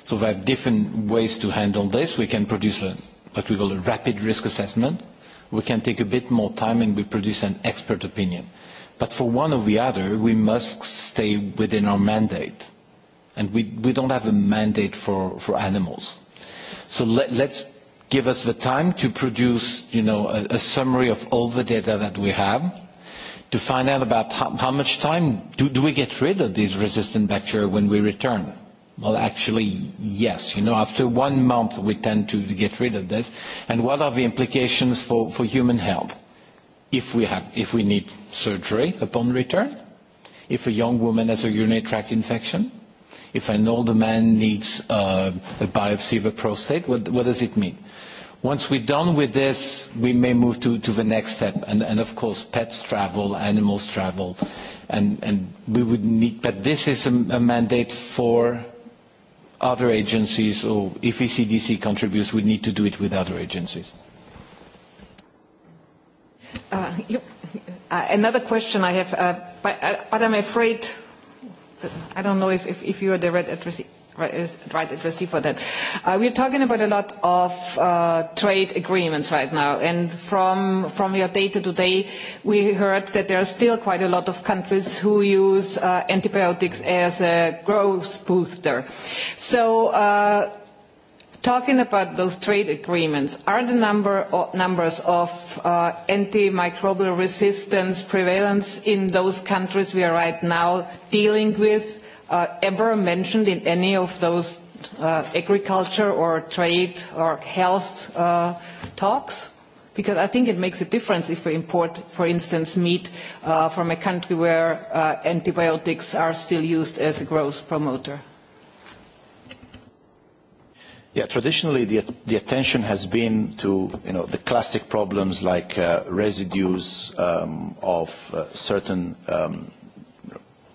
Speaker 5: So we have different ways to handle this. We can produce a, what we call a rapid risk assessment. We can take a bit more time and we produce an expert opinion. But for one or the other, we must stay within our mandate. And we don't have a mandate for animals. So let's give us the time to produce a summary of all the data that we have, to find out about how much time do we get rid of these resistant bacteria when we return. Well, actually, yes. You know, after one month, we tend to get rid of this. And what are the implications for human health? if we need surgery upon return, if a young woman has a urinary tract infection, if an older man needs a biopsy of a prostate, what does it mean? Once we're done with this, we may move to the next step. And of course, pets travel, animals travel, and we would need. But this is a mandate for other agencies, or if ECDC contributes, we need to do it with other agencies.
Speaker 7: Another question I have, but I'm afraid, I don't know if you are the right addressee for that. We're talking about a lot of trade agreements right now, and from your data today, we heard that there are still quite a lot of countries who use antibiotics as a growth booster. So talking about those trade agreements, are the numbers of antimicrobial resistance prevalence in those countries we are right now dealing with ever mentioned in any of those agriculture or trade or health talks? Because I think it makes a difference if we import, for instance, meat from a country where antibiotics are still used as a growth promoter.
Speaker 1: Yeah,
Speaker 4: traditionally the attention has been to, you know, the classic problems like residues of certain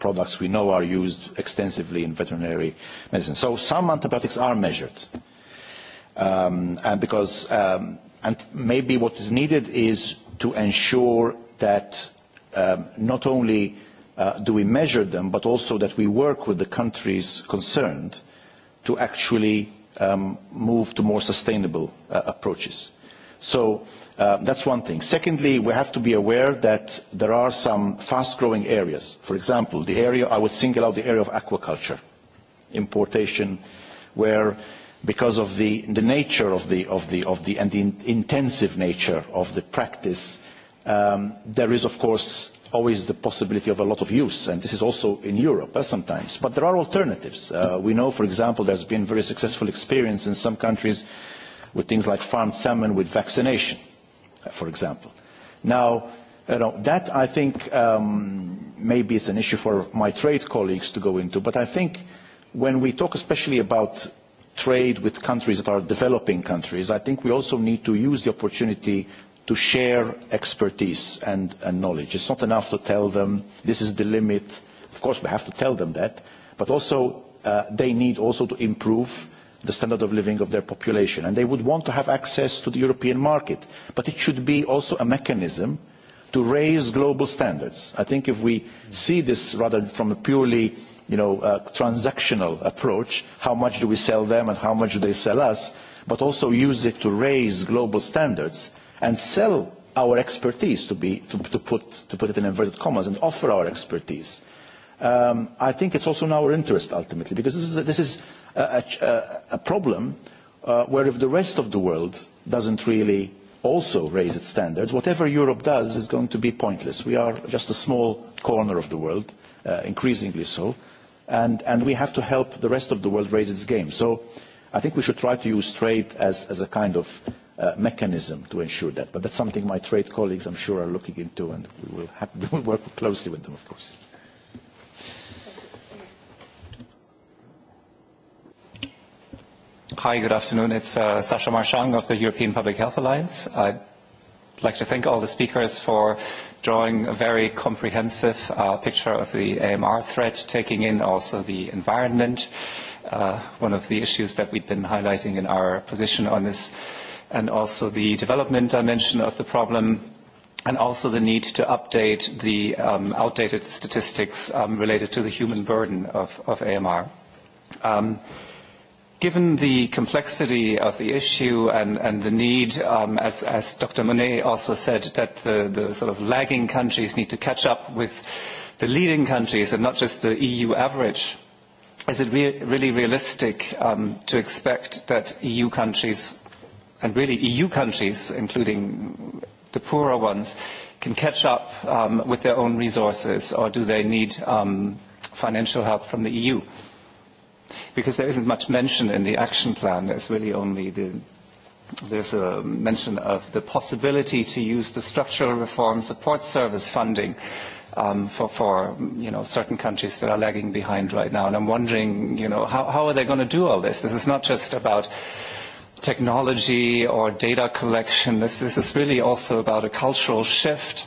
Speaker 4: products we know are used extensively in veterinary medicine. So some antibiotics are measured, and because and maybe what is needed is to ensure that not only do we measure them, but also that we work with the countries concerned to actually move to more sustainable approaches. So that's one thing. Secondly, we have to be aware that there are some fast-growing areas. For example, the area I would single out the area of aquaculture, importation, where because of the nature of the of the of the and the intensive nature of the practice, there is of course always the possibility of a lot of use, and this is also in Europe sometimes. But there are alternatives. We know, for example, there's been very successful experience in some countries with things like farmed salmon with vaccination, for example. Now, that I think maybe is an issue for my trade colleagues to go into, but I think when we talk especially about trade with countries that are developing countries, I think we also need to use the opportunity to share expertise and knowledge. It's not enough to tell them this is the limit. Of course, we have to tell them that, but also they need also to improve the standard of living of their population. And they would want to have access to the European market, but it should be also a mechanism to raise global standards. I think if we see this rather from a purely transactional approach, how much do we sell them and how much do they sell us, but also use it to raise global standards, and sell our expertise to put it in inverted commas and offer our expertise. I think it's also in our interest ultimately because this is this is a problem where if the rest of the world doesn't really also raise its standards, whatever Europe does is going to be pointless. We are just a small corner of the world, increasingly so, and we have to help the rest of the world raise its game. So I think we should try to use trade as a kind of mechanism to ensure that. But that's something my trade colleagues, I'm sure, are looking into, and we will, work closely with them, of course.
Speaker 8: Hi, good afternoon. It's Sasha Marchang of the European Public Health Alliance. I'd like to thank all the speakers for drawing a very comprehensive picture of the AMR threat, taking in also the environment, one of the issues that we've been highlighting in our position on this and also the development dimension of the problem and also the need to update the outdated statistics related to the human burden of AMR. Given the complexity of the issue and the need, as Dr. Monet also said, that the sort of lagging countries need to catch up with the leading countries and not just the EU average, is it really realistic to expect that EU countries and really EU countries, including the poorer ones, can catch up with their own resources, or do they need financial help from the EU? Because there isn't much mention in the action plan. There's really only the there's a mention of the possibility to use the structural reform support service funding for for you know certain countries that are lagging behind right now and i'm wondering you know how how are they going to do all this this is not just about technology or data collection. This is really also about a cultural shift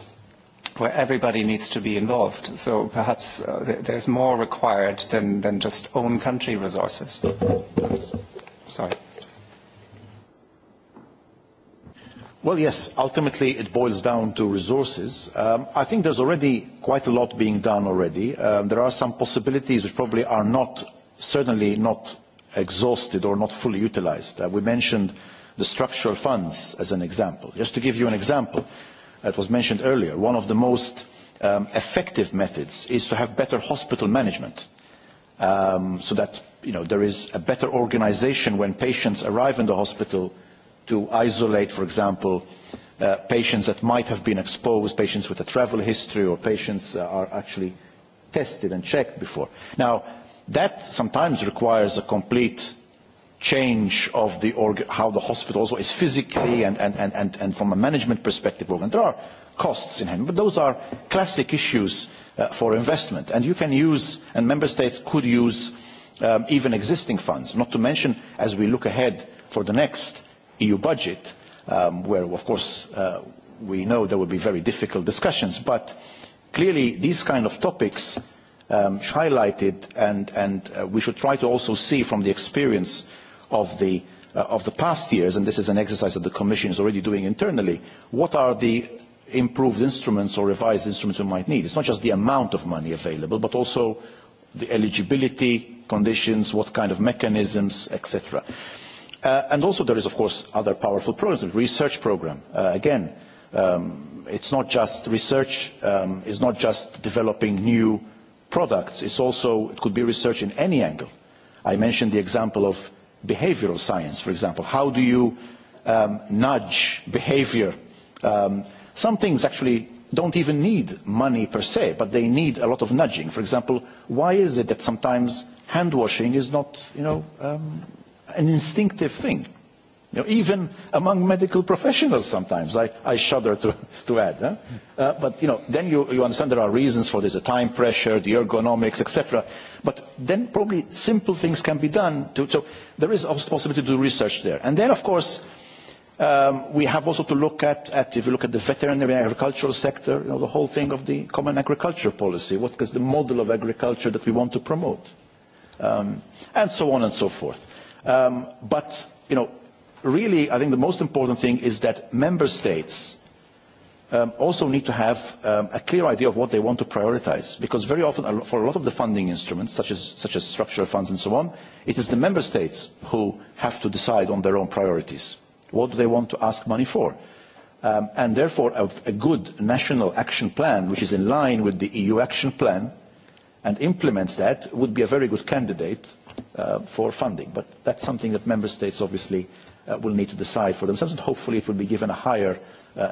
Speaker 8: where everybody needs to be involved. So perhaps there's more required than than just own country resources. Sorry. Well, yes, ultimately it boils down to
Speaker 4: resources. I think there's already quite a lot being done already. There are some possibilities which probably are not, certainly not exhausted or not fully utilised. We mentioned the structural funds as an example. Just to give you an example that was mentioned earlier, one of the most effective methods is to have better hospital management so that there is a better organization when patients arrive in the hospital to isolate, for example, patients that might have been exposed, patients with a travel history or patients are actually tested and checked before. Now That sometimes requires a complete change of how the hospital also is physically and from a management perspective. And there are costs in hand, but those are classic issues for investment. And you can use, and member states could use even existing funds, not to mention as we look ahead for the next EU budget, where, of course, we know there will be very difficult discussions, but clearly these kind of topics highlighted and we should try to also see from the experience of the past years, and this is an exercise that the Commission is already doing internally, what are the improved instruments or revised instruments we might need. It's not just the amount of money available, but also the eligibility conditions, what kind of mechanisms, etc. And also there is, of course, other powerful programs, the research program. Again, it's not just research, is not just developing new products. It's also, it could be research in any angle. I mentioned the example of behavioral science, for example. How do you nudge behavior? Some things actually don't even need money per se, but they need a lot of nudging. For example, why is it that sometimes hand washing is not, you know, an instinctive thing? Even among medical professionals sometimes, I I shudder to to add. But you know, then you understand there are reasons for this, the time pressure, the ergonomics, etc. But then probably simple things can be done. So there is also possibility to do research there. And then, of course, we have also to look at, if you look at the veterinary agricultural sector, you know, the whole thing of the common agriculture policy, what is the model of agriculture that we want to promote, and so on and so forth. But, you know, really, I think the most important thing is that member states also need to have a clear idea of what they want to prioritize, because very often for a lot of the funding instruments, such as structural funds and so on, it is the member states who have to decide on their own priorities. What do they want to ask money for? And therefore, a good national action plan, which is in line with the EU action plan and implements that, would be a very good candidate for funding. But that's something that member states obviously will need to decide for themselves, and hopefully it will be given a higher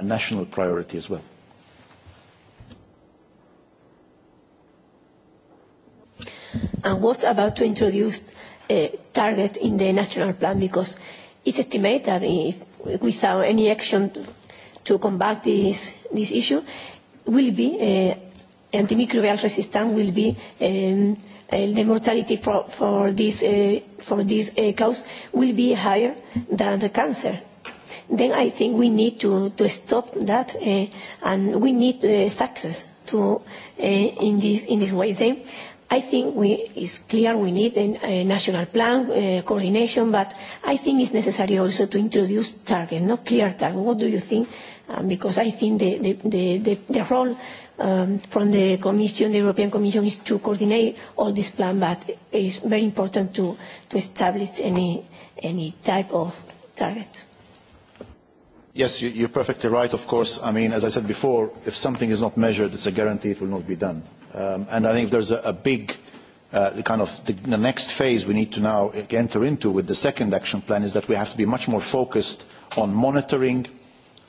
Speaker 4: national priority as well.
Speaker 1: And what about to introduce a target in the national plan? Because it's estimated that if, without any action to combat this, this issue, will be antimicrobial resistance will be the mortality for this for these cause will be higher than the cancer. Then I think we need to to stop that and we need success to in this in this way. Then I think we it's clear we need a national plan, coordination, but I think it's necessary also to introduce targets, not clear targets. What do you think? Because I think the the the the role from the Commission, the European Commission, is to coordinate all this plan, but it is very important to to establish any any type of target.
Speaker 4: Yes, you're perfectly right, of course. I mean, as I said before, if something is not measured, it's a guarantee it will not be done. And I think there's a big kind of the next phase we need to now enter into with the second action plan is that we have to be much more focused on monitoring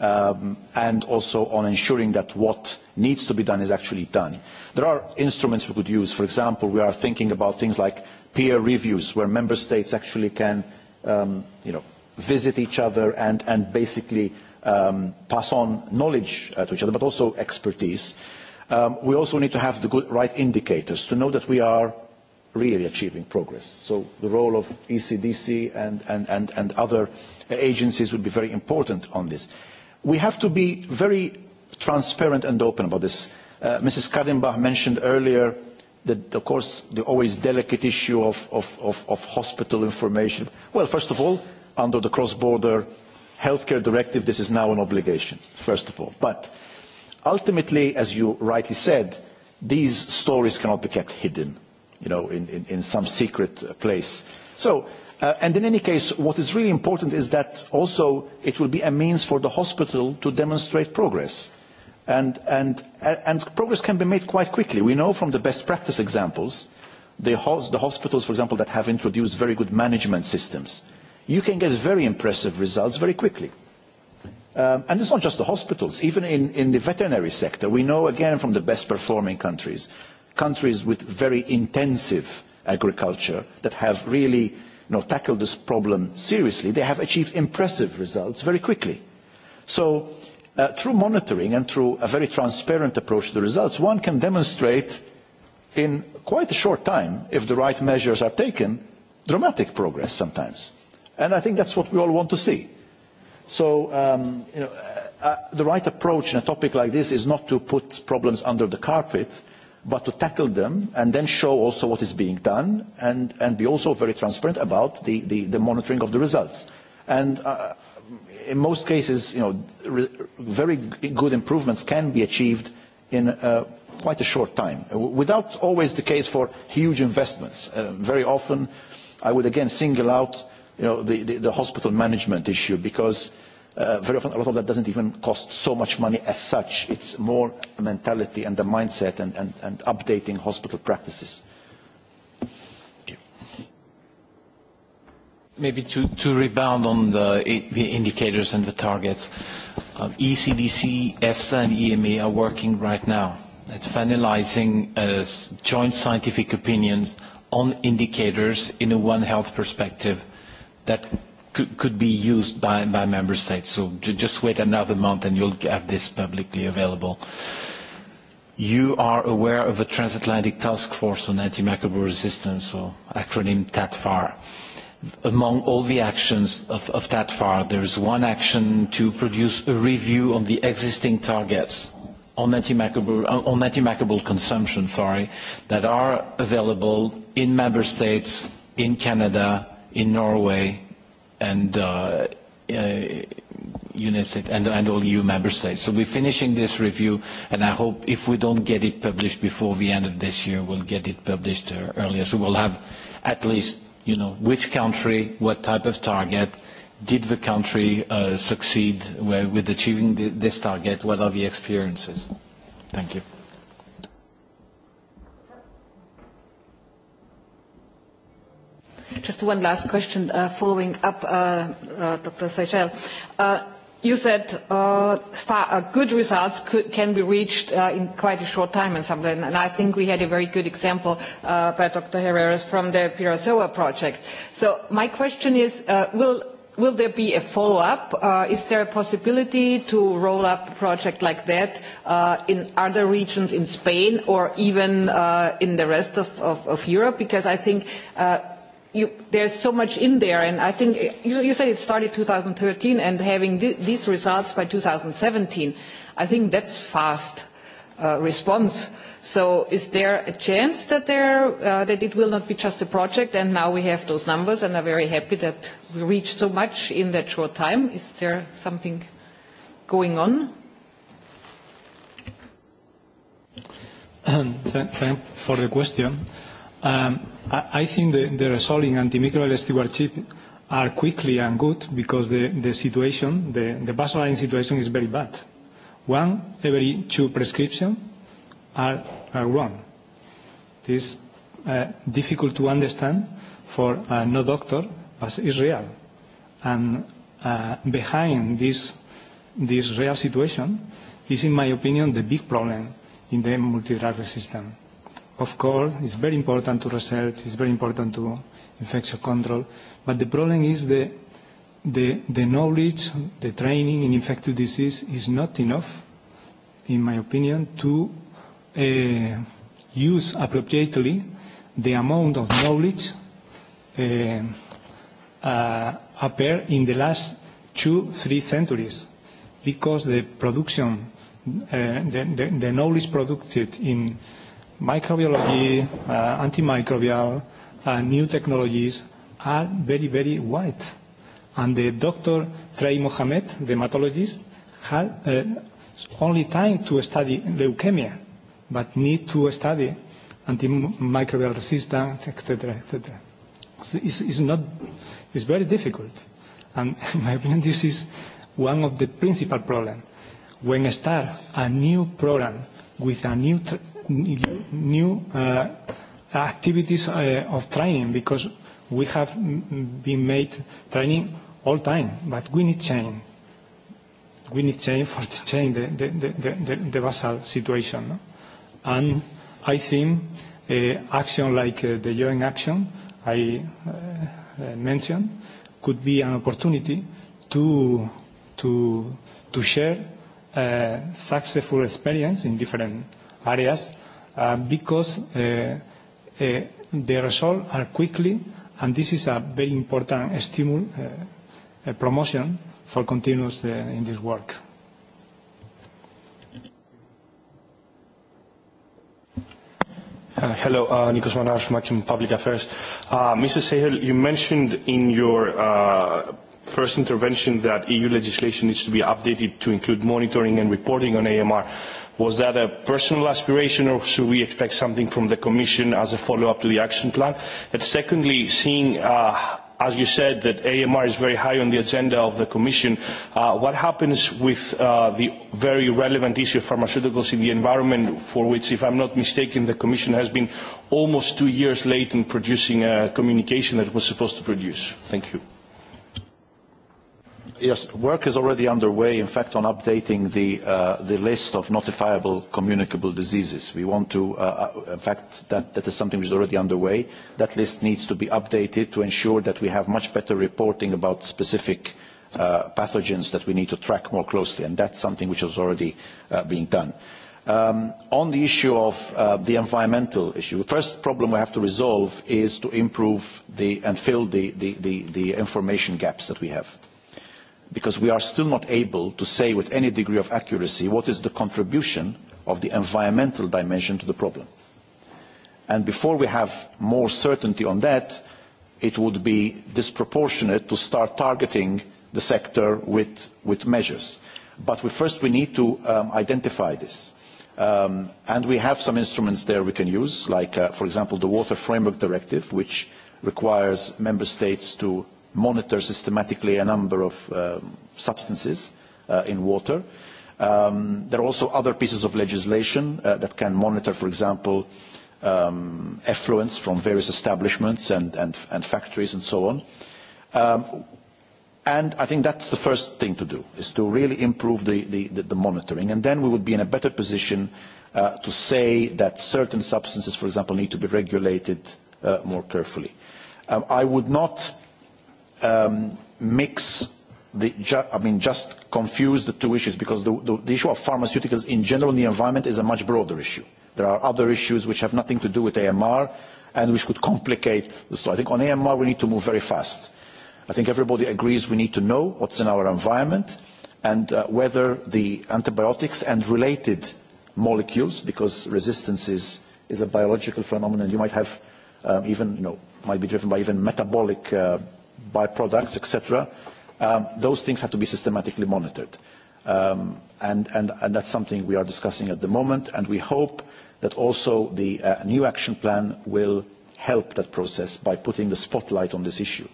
Speaker 4: and also on ensuring that what needs to be done is actually done. There are instruments we could use. For example, we are thinking about things like peer reviews, where member states actually can visit each other and basically pass on knowledge to each other, but also expertise. We also need to have the right indicators to know that we are really achieving progress. So the role of ECDC and other agencies would be very important on this we have to be very transparent and open about this. Mrs. Kadenbach mentioned earlier that, of course, the always delicate issue of hospital information. Well, first of all, under the cross-border healthcare directive, this is now an obligation, first of all. But ultimately, as you rightly said, these stories cannot be kept hidden, you know, in some secret place. So And in any case, what is really important is that also it will be a means for the hospital to demonstrate progress. And progress can be made quite quickly. We know from the best practice examples, the hospitals, for example, that have introduced very good management systems, you can get very impressive results very quickly. And it's not just the hospitals. Even in the veterinary sector, we know again from the best performing countries, countries with very intensive agriculture that have really tackle this problem seriously, they have achieved impressive results very quickly. So through monitoring and through a very transparent approach to the results, one can demonstrate in quite a short time, if the right measures are taken, dramatic progress sometimes. And I think that's what we all want to see. So the right approach in a topic like this is not to put problems under the carpet but to tackle them and then show also what is being done and and be also very transparent about the the monitoring of the results. And in most cases, you know, very good improvements can be achieved in quite a short time, without always the case for huge investments. Very often, I would again single out, you know, the hospital management issue because very often a lot of that doesn't even cost so much money as such. It's more a mentality and a mindset and updating hospital practices.
Speaker 5: Maybe to rebound on the indicators and the targets, ECDC, EFSA and EMA are working right now at finalizing joint scientific opinions on indicators in a One Health perspective that could be used by member states. So just wait another month and you'll have this publicly available. You are aware of the Transatlantic Task Force on Antimicrobial Resistance, or acronym TATFAR. Among all the actions of TATFAR, there is one action to produce a review on the existing targets on antimicrobial consumption, sorry, that are available in member states, in Canada, in Norway, and UNICEF and all EU member states. So we're finishing this review, and I hope if we don't get it published before the end of this year, we'll get it published earlier. So we'll have at least, you know, which country, what type of target, did the country succeed with achieving this target, what are the experiences. Thank you.
Speaker 7: Just one last question following up, Dr. Seychelles. You said good results can be reached in quite a short time and something, and I think we had a very good example by Dr. Herreras from the Pirasoa project. So my question is, will Will there be a follow-up? Is there a possibility to roll up a project like that in other regions in Spain or even in the rest of Europe? Because I think There's so much in there, and I think you said it started 2013 and having these results by 2017. I think that's fast response. So is there a chance that it will not be just a project and now we have those numbers and are very happy that we reached so much in that short time? Is there something going on?
Speaker 6: Thank you for the question. I think the results in antimicrobial stewardship are quickly and good because the, the situation, the, the baseline situation is very bad. One every two prescriptions are, wrong. This is difficult to understand for no doctor, but it's real. And behind this, this real situation is, in my opinion, the big problem in the multidrug resistance of course, it's very important to research, it's very important to infection control, but the problem is the the knowledge, the training in infectious disease is not enough, in my opinion, to use appropriately the amount of knowledge appear in the last two, three centuries, because the production, the knowledge produced in microbiology, antimicrobial, new technologies are very, very wide. And the Dr. Trey Mohamed, the hematologist, had only time to study leukemia, but need to study antimicrobial resistance, etc., etc. It's not, it's very difficult. And in my opinion, this is one of the principal problems. When I start a new program with a new new activities of training because we have been made training all time, but we need change. We need change for the change the, the, the, the, basal situation. And I think action like the joint action I mentioned could be an opportunity to, to, to share successful experience in different areas because the results are quickly and this is a very important stimulus, promotion for continuous in this work. Hello, Nikos Manas from
Speaker 2: Public Affairs. Mr. Sahel, you mentioned in your first intervention that EU legislation needs to be updated to include monitoring and reporting on AMR. Was that a personal aspiration or should we expect something from the Commission as a follow-up to the action plan? And secondly, seeing, as you said, that AMR is very high on the agenda of the Commission, what happens with the very relevant issue of pharmaceuticals in the environment for which, if I'm not mistaken, the Commission has been almost two years late in producing a communication that it was supposed to produce?
Speaker 8: Thank you.
Speaker 4: Yes, work is already underway, in fact, on updating the list of notifiable communicable diseases. We want to, in fact, that that is something which is already underway. That list needs to be updated to ensure that we have much better reporting about specific pathogens that we need to track more closely, and that's something which is already being done. On the issue of the environmental issue, the first problem we have to resolve is to improve and fill the information gaps that we have because we are still not able to say with any degree of accuracy what is the contribution of the environmental dimension to the problem. And before we have more certainty on that, it would be disproportionate to start targeting the sector with measures. But first we need to identify this. And we have some instruments there we can use, like, for example, the Water Framework Directive, which requires member states to monitor systematically a number of substances in water. There are also other pieces of legislation that can monitor, for example, effluents from various establishments and factories and so on. And I think that's the first thing to do, is to really improve the monitoring. And then we would be in a better position to say that certain substances, for example, need to be regulated more carefully. I would not mix the I mean just confuse the two issues because the issue of pharmaceuticals in general in the environment is a much broader issue. There are other issues which have nothing to do with AMR and which could complicate the story. I think on AMR we need to move very fast. I think everybody agrees we need to know what's in our environment and whether the antibiotics and related molecules, because resistance is a biological phenomenon, you might have even, you know, might be driven by even metabolic by-products, etc., those things have to be systematically monitored. And that's something we are discussing at the moment, and we hope that also the new action plan will help that process by putting the spotlight on this issue.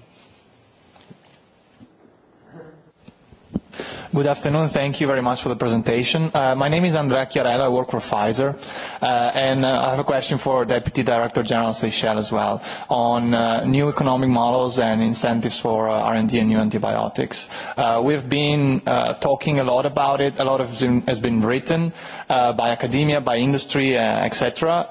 Speaker 9: Good afternoon. Thank you very much for the presentation. My name is Andrea Chiarella. I work for Pfizer. And I have a question for Deputy Director General Seychelles as well on new economic models and incentives for R&D and new antibiotics. We've been talking a lot about it. A lot has been written by academia, by industry, etc.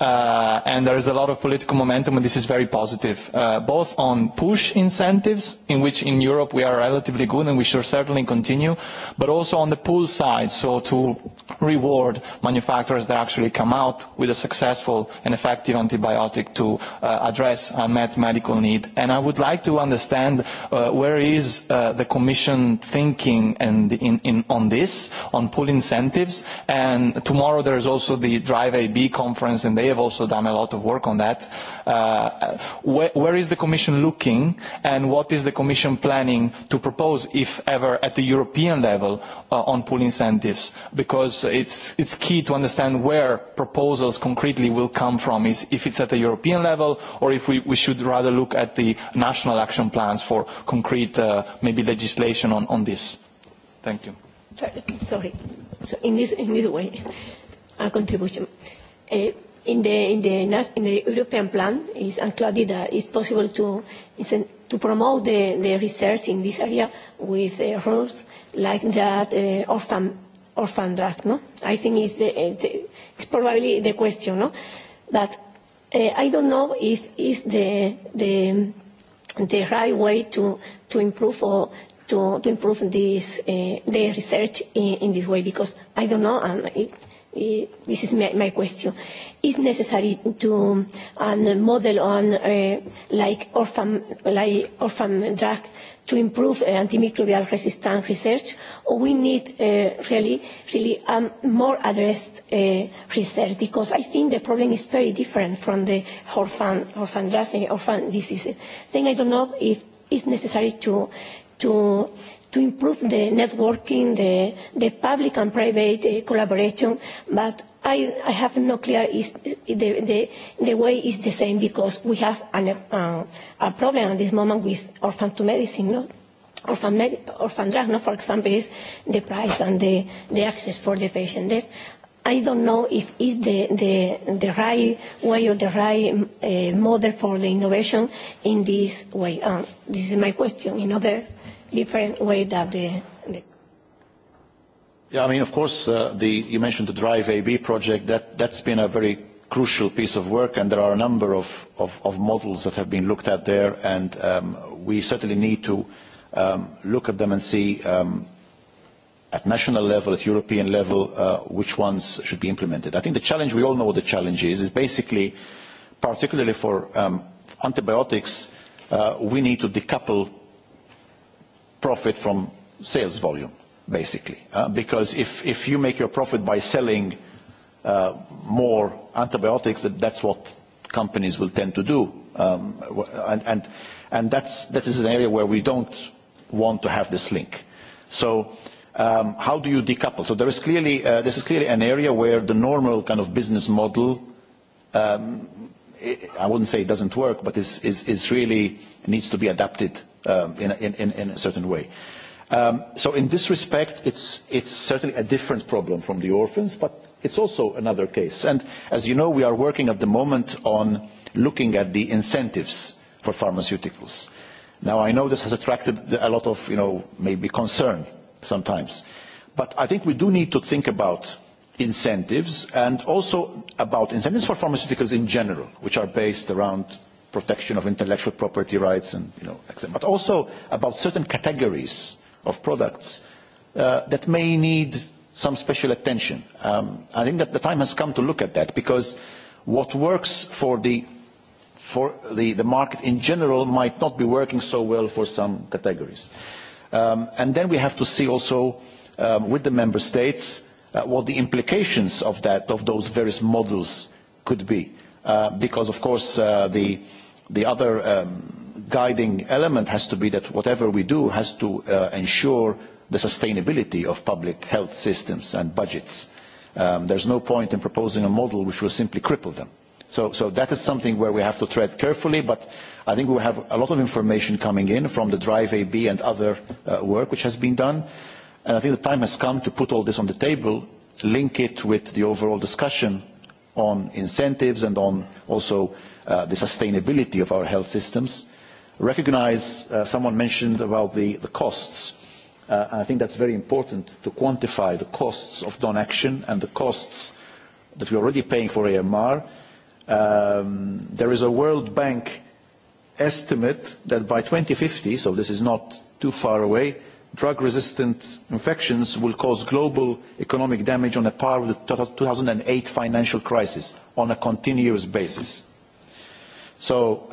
Speaker 9: And there is a lot of political momentum, and this is very positive, both on push incentives, in which in Europe we are relatively good and we should certainly continue, but also on the pull side, so to reward manufacturers that actually come out with a successful and effective antibiotic to address unmet medical need. And I would like to understand where is the Commission thinking on this, on pull incentives, And tomorrow there is also the Drive AB conference, and they have also done a lot of work on that. Where is the Commission looking, and what is the Commission planning to propose, if ever, at the European level on pool incentives? Because it's key to understand where proposals concretely will come from, if it's at the European level, or if we should rather look at the national action plans for concrete, maybe legislation on this. Thank you
Speaker 1: sorry, so in this way, a contribution. In the European plan is included that it's possible to to promote the research in this area with rules like that orphan orphan drug. No, I think it's the probably the question. No, but I don't know if is the the the right way to to improve or to to improve this the research in this way because I don't know and this is my question is necessary to a model on like orphan like orphan drug to improve antimicrobial resistant research or we need really really more addressed research because I think the problem is very different from the orphan orphan drug orphan disease Then I don't know if it's necessary to to to improve the networking, the the public and private collaboration, but I I have no clear the the way is the same because we have a problem at this moment with orphan to medicine, no? Orphan drug, no? For example, is the price and the the access for the patient. I don't know if it's the, the, the right way or the right model for the innovation in this way. this is my question. In other different way that the
Speaker 4: yeah i mean of course the you mentioned the drive ab project that that's been a very crucial piece of work and there are a number of of models that have been looked at there and we certainly need to look at them and see at national level at european level which ones should be implemented i think the challenge we all know what the challenge is is basically particularly for antibiotics we need to decouple profit from sales volume, basically. Because if you make your profit by selling more antibiotics, that's what companies will tend to do. And that is an area where we don't want to have this link. So how do you decouple? So there is clearly this is clearly an area where the normal kind of business model I wouldn't say it doesn't work, but is really needs to be adapted in a certain way. So in this respect, it's certainly a different problem from the orphans, but it's also another case. And as you know, we are working at the moment on looking at the incentives for pharmaceuticals. Now, I know this has attracted a lot of, you know, maybe concern sometimes. But I think we do need to think about incentives and also about incentives for pharmaceuticals in general, which are based around protection of intellectual property rights and but also about certain categories of products that may need some special attention. I think that the time has come to look at that because what works for the for the market in general might not be working so well for some categories. And then we have to see also with the member states what the implications of that of those various models could be because of course the the other guiding element has to be that whatever we do has to ensure the sustainability of public health systems and budgets. There is no point in proposing a model which will simply cripple them. So that is something where we have to tread carefully, but I think we have a lot of information coming in from the Drive AB and other work which has been done, and I think the time has come to put all this on the table, link it with the overall discussion on incentives and on also the sustainability of our health systems. Recognize, someone mentioned about the costs. and I think that's very important to quantify the costs of non-action and the costs that we're already paying for AMR. There is a World Bank estimate that by 2050, so this is not too far away, drug-resistant infections will cause global economic damage on a par with the 2008 financial crisis on a continuous basis. So,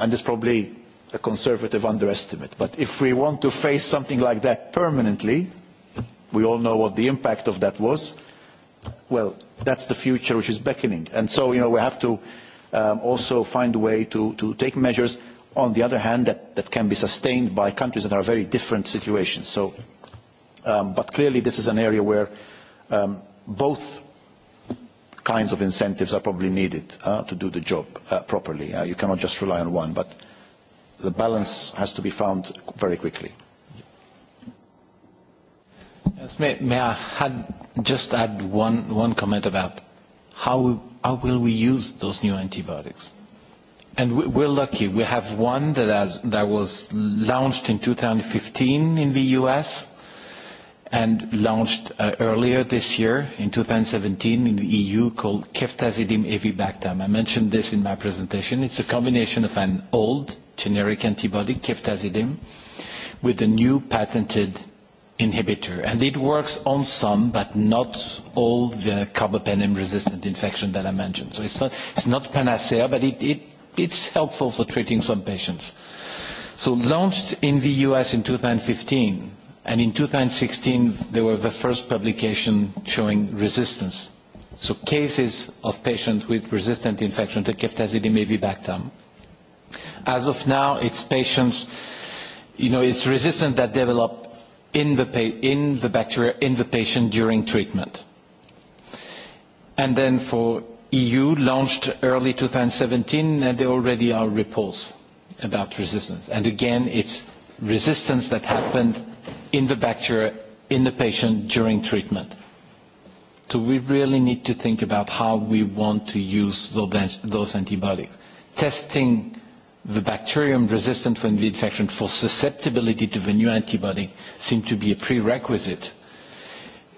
Speaker 4: and this is probably a conservative underestimate, but if we want to face something like that permanently, we all know what the impact of that was, well, that's the future which is beckoning. And so, you know, we have to also find a way to take measures on the other hand, that can be sustained by countries that are very different situations. So, but clearly this is an area where both kinds of incentives are probably needed to do the job properly. You cannot just rely on one, but the balance has to be found very quickly.
Speaker 5: Yes, may I just add one comment about how will we use those new antibiotics? And we're lucky. We have one that was launched in 2015 in the U.S. and launched earlier this year in 2017 in the EU called ceftazidime avibactam. I mentioned this in my presentation. It's a combination of an old generic antibody, ceftazidime, with a new patented inhibitor. And it works on some, but not all the carbapenem-resistant infection that I mentioned. So it's not panacea, but it It's helpful for treating some patients. So launched in the US in 2015, and in 2016 there were the first publication showing resistance. So cases of patients with resistant infection to ceftazidime As of now, it's patients, you know, it's resistant that develop in the, in the bacteria, in the patient during treatment. And then for EU launched early 2017, and there already are reports about resistance. And again, it's resistance that happened in the bacteria, in the patient, during treatment. So we really need to think about how we want to use those antibiotics. Testing the bacterium resistant to the infection for susceptibility to the new antibody seems to be a prerequisite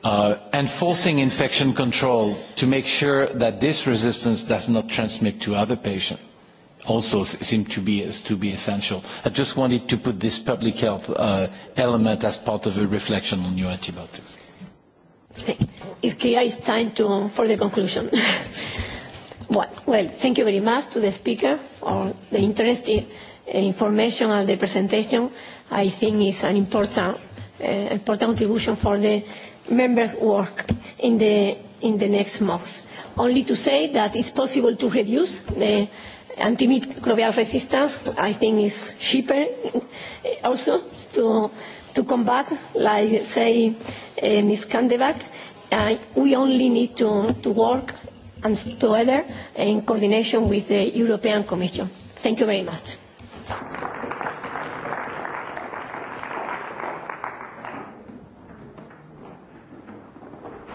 Speaker 5: enforcing infection control to make sure that this resistance does not transmit to other patients also seems to be to be essential. I just wanted to put this public health element as part of a reflection on new antibiotics.
Speaker 1: It's clear it's time to, for the conclusion. well, thank you very much to the speaker for the interesting information and the presentation. I think it's an important, important contribution for the members' work in the in the next month. Only to say that it's possible to reduce the antimicrobial resistance. I think is cheaper also to to combat, like say Ms. Kandevac. We only need to to work and together in coordination with the European Commission. Thank you very much.